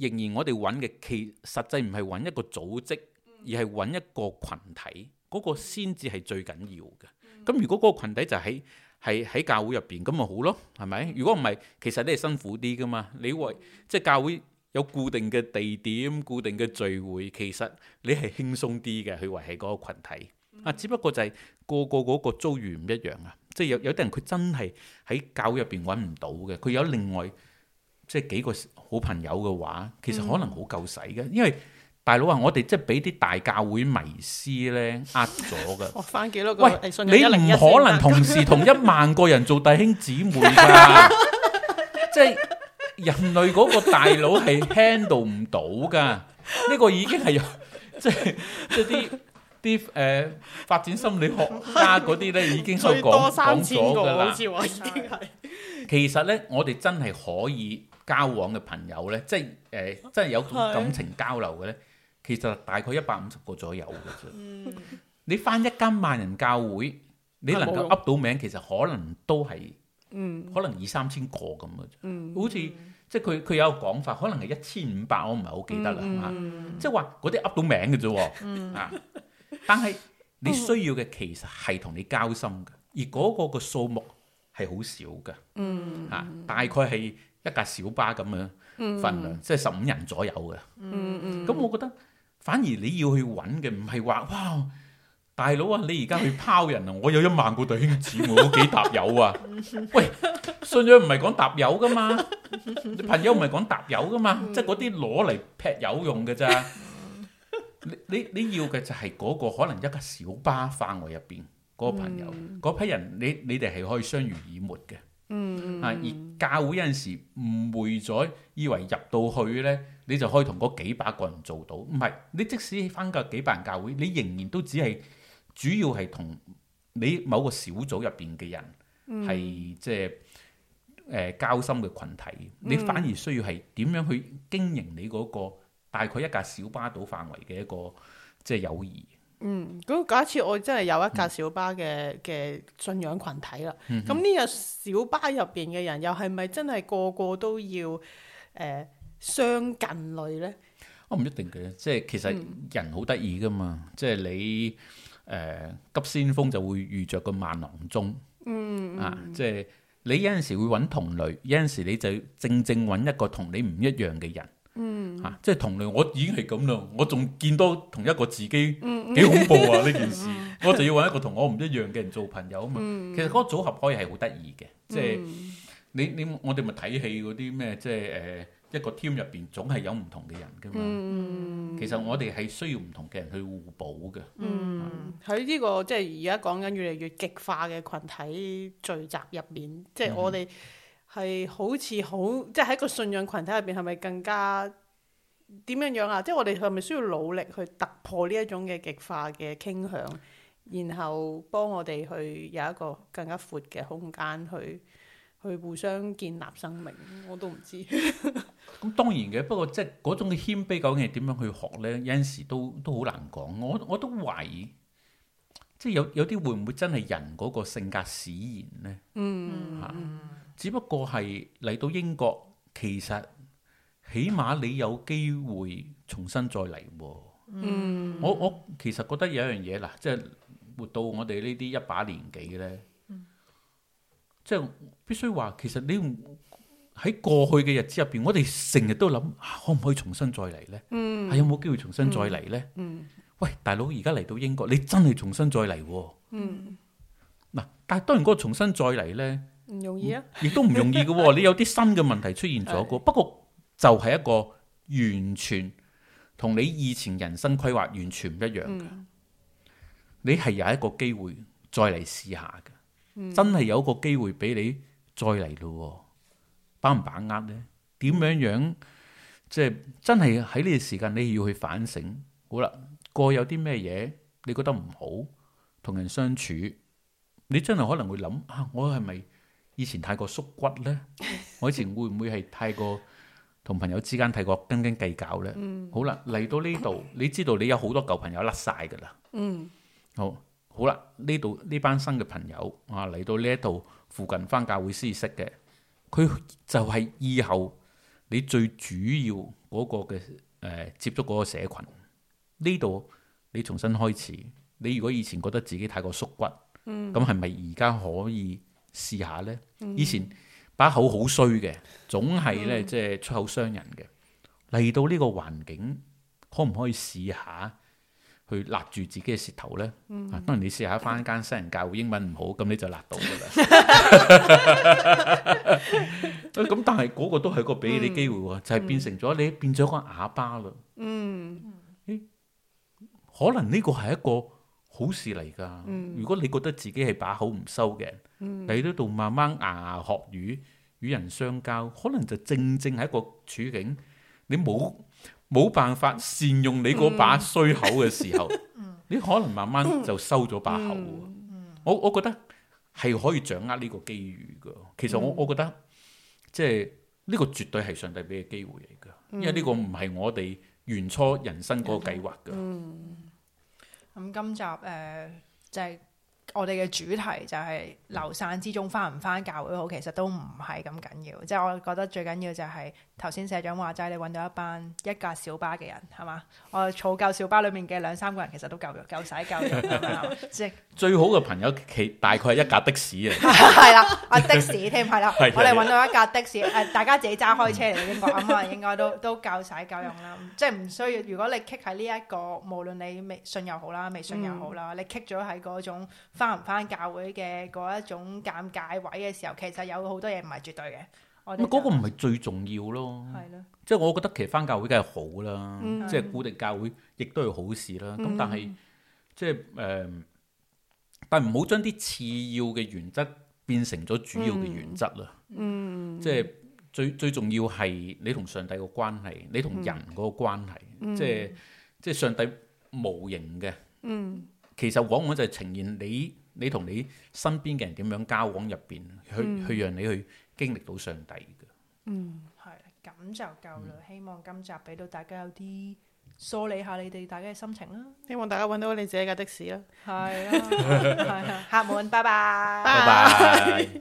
仍然我哋揾嘅其實際唔係揾一個組織，而係揾一個群體嗰、嗰個先至係最緊要嘅。咁如果嗰個羣體就喺係喺教會入邊，咁咪好咯，係咪？如果唔係，其實你係辛苦啲噶嘛。你為即係教會，有固定嘅地點，固定嘅聚會，其實你係輕鬆啲嘅去維係嗰個羣體。啊，只不過就係、係、個個嗰個遭遇唔一樣啊。即係有有啲人佢真係喺教會入邊揾唔到嘅，佢有另外即係幾個。好朋友嘅話，其實可能好夠使嘅，因為大佬啊，我哋即係俾啲大教會迷思咧，呃咗噶。哦， [laughs] 我翻幾多？喂，你唔可能同時同一萬個人做弟兄姊妹噶， [laughs] 即係人類嗰個大佬係 handle 唔到噶。呢 [laughs] 個已經係有，即係即係啲啲誒發展心理學家嗰啲咧，已經都講講咗噶啦。 [laughs] 好似話已經係 [laughs] 。其實咧，我哋真係可以交往嘅朋友咧，即係誒，即、呃、係有種感情交流嘅咧，的其實大概一百五十個左右嘅啫。嗯、你返一間萬人教會，你能夠噏到名，其實可能都係，嗯、可能二三千個咁嘅啫。嗯、好似即係佢佢有個講法，可能係一千五百，我唔係好記得啦、嗯。即係話嗰啲噏到名嘅啫。嗯、 [laughs] 但係你需要嘅其實係同你交心嘅，而嗰個嘅數目係好少嘅。嚇、嗯，嗯、大概係。一架小巴咁樣份量，嗯、即係十五人左右嘅。咁、嗯嗯、我覺得反而你要去揾嘅，唔係話哇大佬啊，你而家去拋人啊， [laughs] 我有一萬個弟兄姊妹，我幾搭友啊？喂，信咗唔係講搭友噶嘛？ [laughs] 你朋友唔係講搭友噶嘛？嗯、即係嗰啲攞嚟劈友用噶咋？你你你要嘅就係嗰、嗰個可能一架小巴範圍入邊嗰個朋友，嗰、嗯、批人，你你哋係可以相濡以沫嘅。嗯啊，而教會有陣時誤會咗，以為入到去咧，你就可以同嗰幾百個人做到。唔係，你即使返個幾百人教會，你仍然都只係主要係同你某個小組入邊嘅人，係、嗯、即係誒、呃、交心嘅群體。嗯、你反而需要係點樣去經營你嗰、嗰個大概一架小巴島範圍嘅一個即係友誼。.嗯，咁假設我真係有一架小巴嘅嘅、嗯、信仰群體啦，咁呢個小巴入邊嘅人又係咪真係個個都要誒相、呃、近類咧？我唔一定嘅，即係其實人好得意㗎嘛，嗯、即係你誒、呃、急先鋒就會遇着個慢郎中、嗯，嗯啊，嗯、即係你有陣時會揾同類，有陣時你就正正揾一個同你唔一樣嘅人。嗯，吓、啊、即係同類，我已經係咁啦，我仲見到同一個自己，嗯、幾恐怖啊呢 [laughs] 件事，我就要揾一個同我唔一樣嘅人做朋友啊嘛。嗯、其實嗰個組合可以係好得意嘅，即係你你我哋咪睇戲嗰啲咩，即係誒、呃、一個 team 入邊總係有唔同嘅人噶嘛。嗯、其實我哋係需要唔同嘅人去互補嘅。嗯，喺呢、嗯這個即係而家講緊越嚟越極化嘅群體聚集入面，即係我哋、嗯。係好似好，即係喺個信仰群體入邊，係咪更加點樣樣啊？即係我哋係咪需要努力去突破呢一種嘅極化嘅傾向，然後幫我哋去有一個更加闊嘅空間去去互相建立生命？我都唔知。咁 [laughs] 當然嘅，不過即係嗰種謙卑究竟係點樣去學呢？有陣時都都好難講。我我都懷疑。即係有有啲會唔會真係人嗰個性格使然呢？嗯，嚇、啊，只不過係嚟到英國，其實起碼你有機會重新再嚟喎、哦。嗯，我我其實覺得有一樣嘢嗱，即係活到我哋呢啲一把年紀嘅咧，嗯、即係必須話，其實你喺過去嘅日子入邊，我哋成日都諗、啊、可唔可以重新再嚟咧、嗯啊嗯？嗯，係有冇機會重新再嚟咧？嗯。喂，大佬，而家嚟到英國，你真係重新再嚟喎、哦。嗯。嗱，但係當然嗰個重新再嚟咧，唔容易啊，亦都唔容易嘅、哦。你有啲新嘅問題出現咗個，嗯、不過就係一個完全同你以前人生規劃完全唔一樣嘅。嗯、你係有一個機會再嚟試下嘅，嗯、真係有一個機會俾你再嚟咯、哦。把唔把握咧？點樣樣即係真係喺呢個時間，你要去反省。好啦。過有啲咩嘢，你覺得唔好同人相處，你真係可能會諗啊，我係咪以前太過縮骨呢？ [laughs] 我以前會唔會係太過同朋友之間太過斤斤計較呢？嗯，好啦，嚟到呢度，你知道你有好多舊朋友甩晒噶啦。嗯，好，好啦，呢度呢班新嘅朋友啊，嚟到呢一度附近返教會相識嘅，佢就係以後你最主要嗰個嘅誒、呃，接觸嗰個社群。呢度你重新開始，你如果以前覺得自己太過縮骨，咁係咪而家可以試下呢？Hmm. 以前把口好衰嘅，總係呢，即係出口傷人嘅。嚟、hmm. 到呢個環境，可唔可以試下去勒住自己嘅舌頭咧、hmm. 啊？當然你試下返一間西人教會，英文唔好，咁你就勒到㗎啦。咁但係嗰個都係個俾你機會，就係變成咗你變咗個啞巴啦。嗯、hmm.。 [noise] 可能呢個係一個好事嚟噶。如果你覺得自己係把口唔收嘅，喺呢度慢慢牙牙學語、與人相交，可能就正正係一個處境，你冇冇辦法善用你嗰把衰口嘅時候，你可能慢慢就收咗把口。我我覺得係可以掌握呢個機遇噶。其實我我覺得，即係呢個絕對係上帝俾嘅機會嚟噶，因為呢個唔係我哋原初人生嗰個計劃噶。咁、嗯、今集誒、呃、就係、是我哋嘅主題就係流散之中返唔返教會好，其實都唔係咁緊要。即係我覺得最緊要就係頭先社長話齋，你揾到一班一架小巴嘅人係嘛？我儲夠小巴裏面嘅兩三個人，其實都夠用，夠使夠用。即、就、係、是、 [laughs] 最好嘅朋友，其大概係一架的士嚟。係 [laughs] 啦， [laughs] 啊的士聽唔係啦。我哋揾到一架的士，誒、呃，大家自己揸開，開車嚟英國、嗯嗯、應該都都夠使夠用啦。即係唔需要。如果你 kick 喺呢一個，無論你微信又好啦，微信又好啦，你 kick 咗喺嗰種。翻唔翻教會嘅嗰一種尷尬位嘅時候，其實有好多嘢唔係絕對嘅。咁嗰個唔係最重要咯，的即係我覺得其實返教會梗係好啦，即係固定教會亦都係好事啦。咁但係即係誒，但唔好將啲次要嘅原則變成咗主要嘅原則啦、嗯。嗯，即係最最重要係你同上帝個關係，你同人嗰個關係、嗯，即係即係上帝無形嘅。嗯。其實往往就呈現你你同你身邊嘅人點樣交往入邊，去去讓你去經歷到上帝嘅。嗯，係咁就夠啦。希望今集俾到大家有啲梳理下你哋大家嘅心情啦。希望大家揾到你自己嘅的士啦。係啊，下門拜拜。拜拜。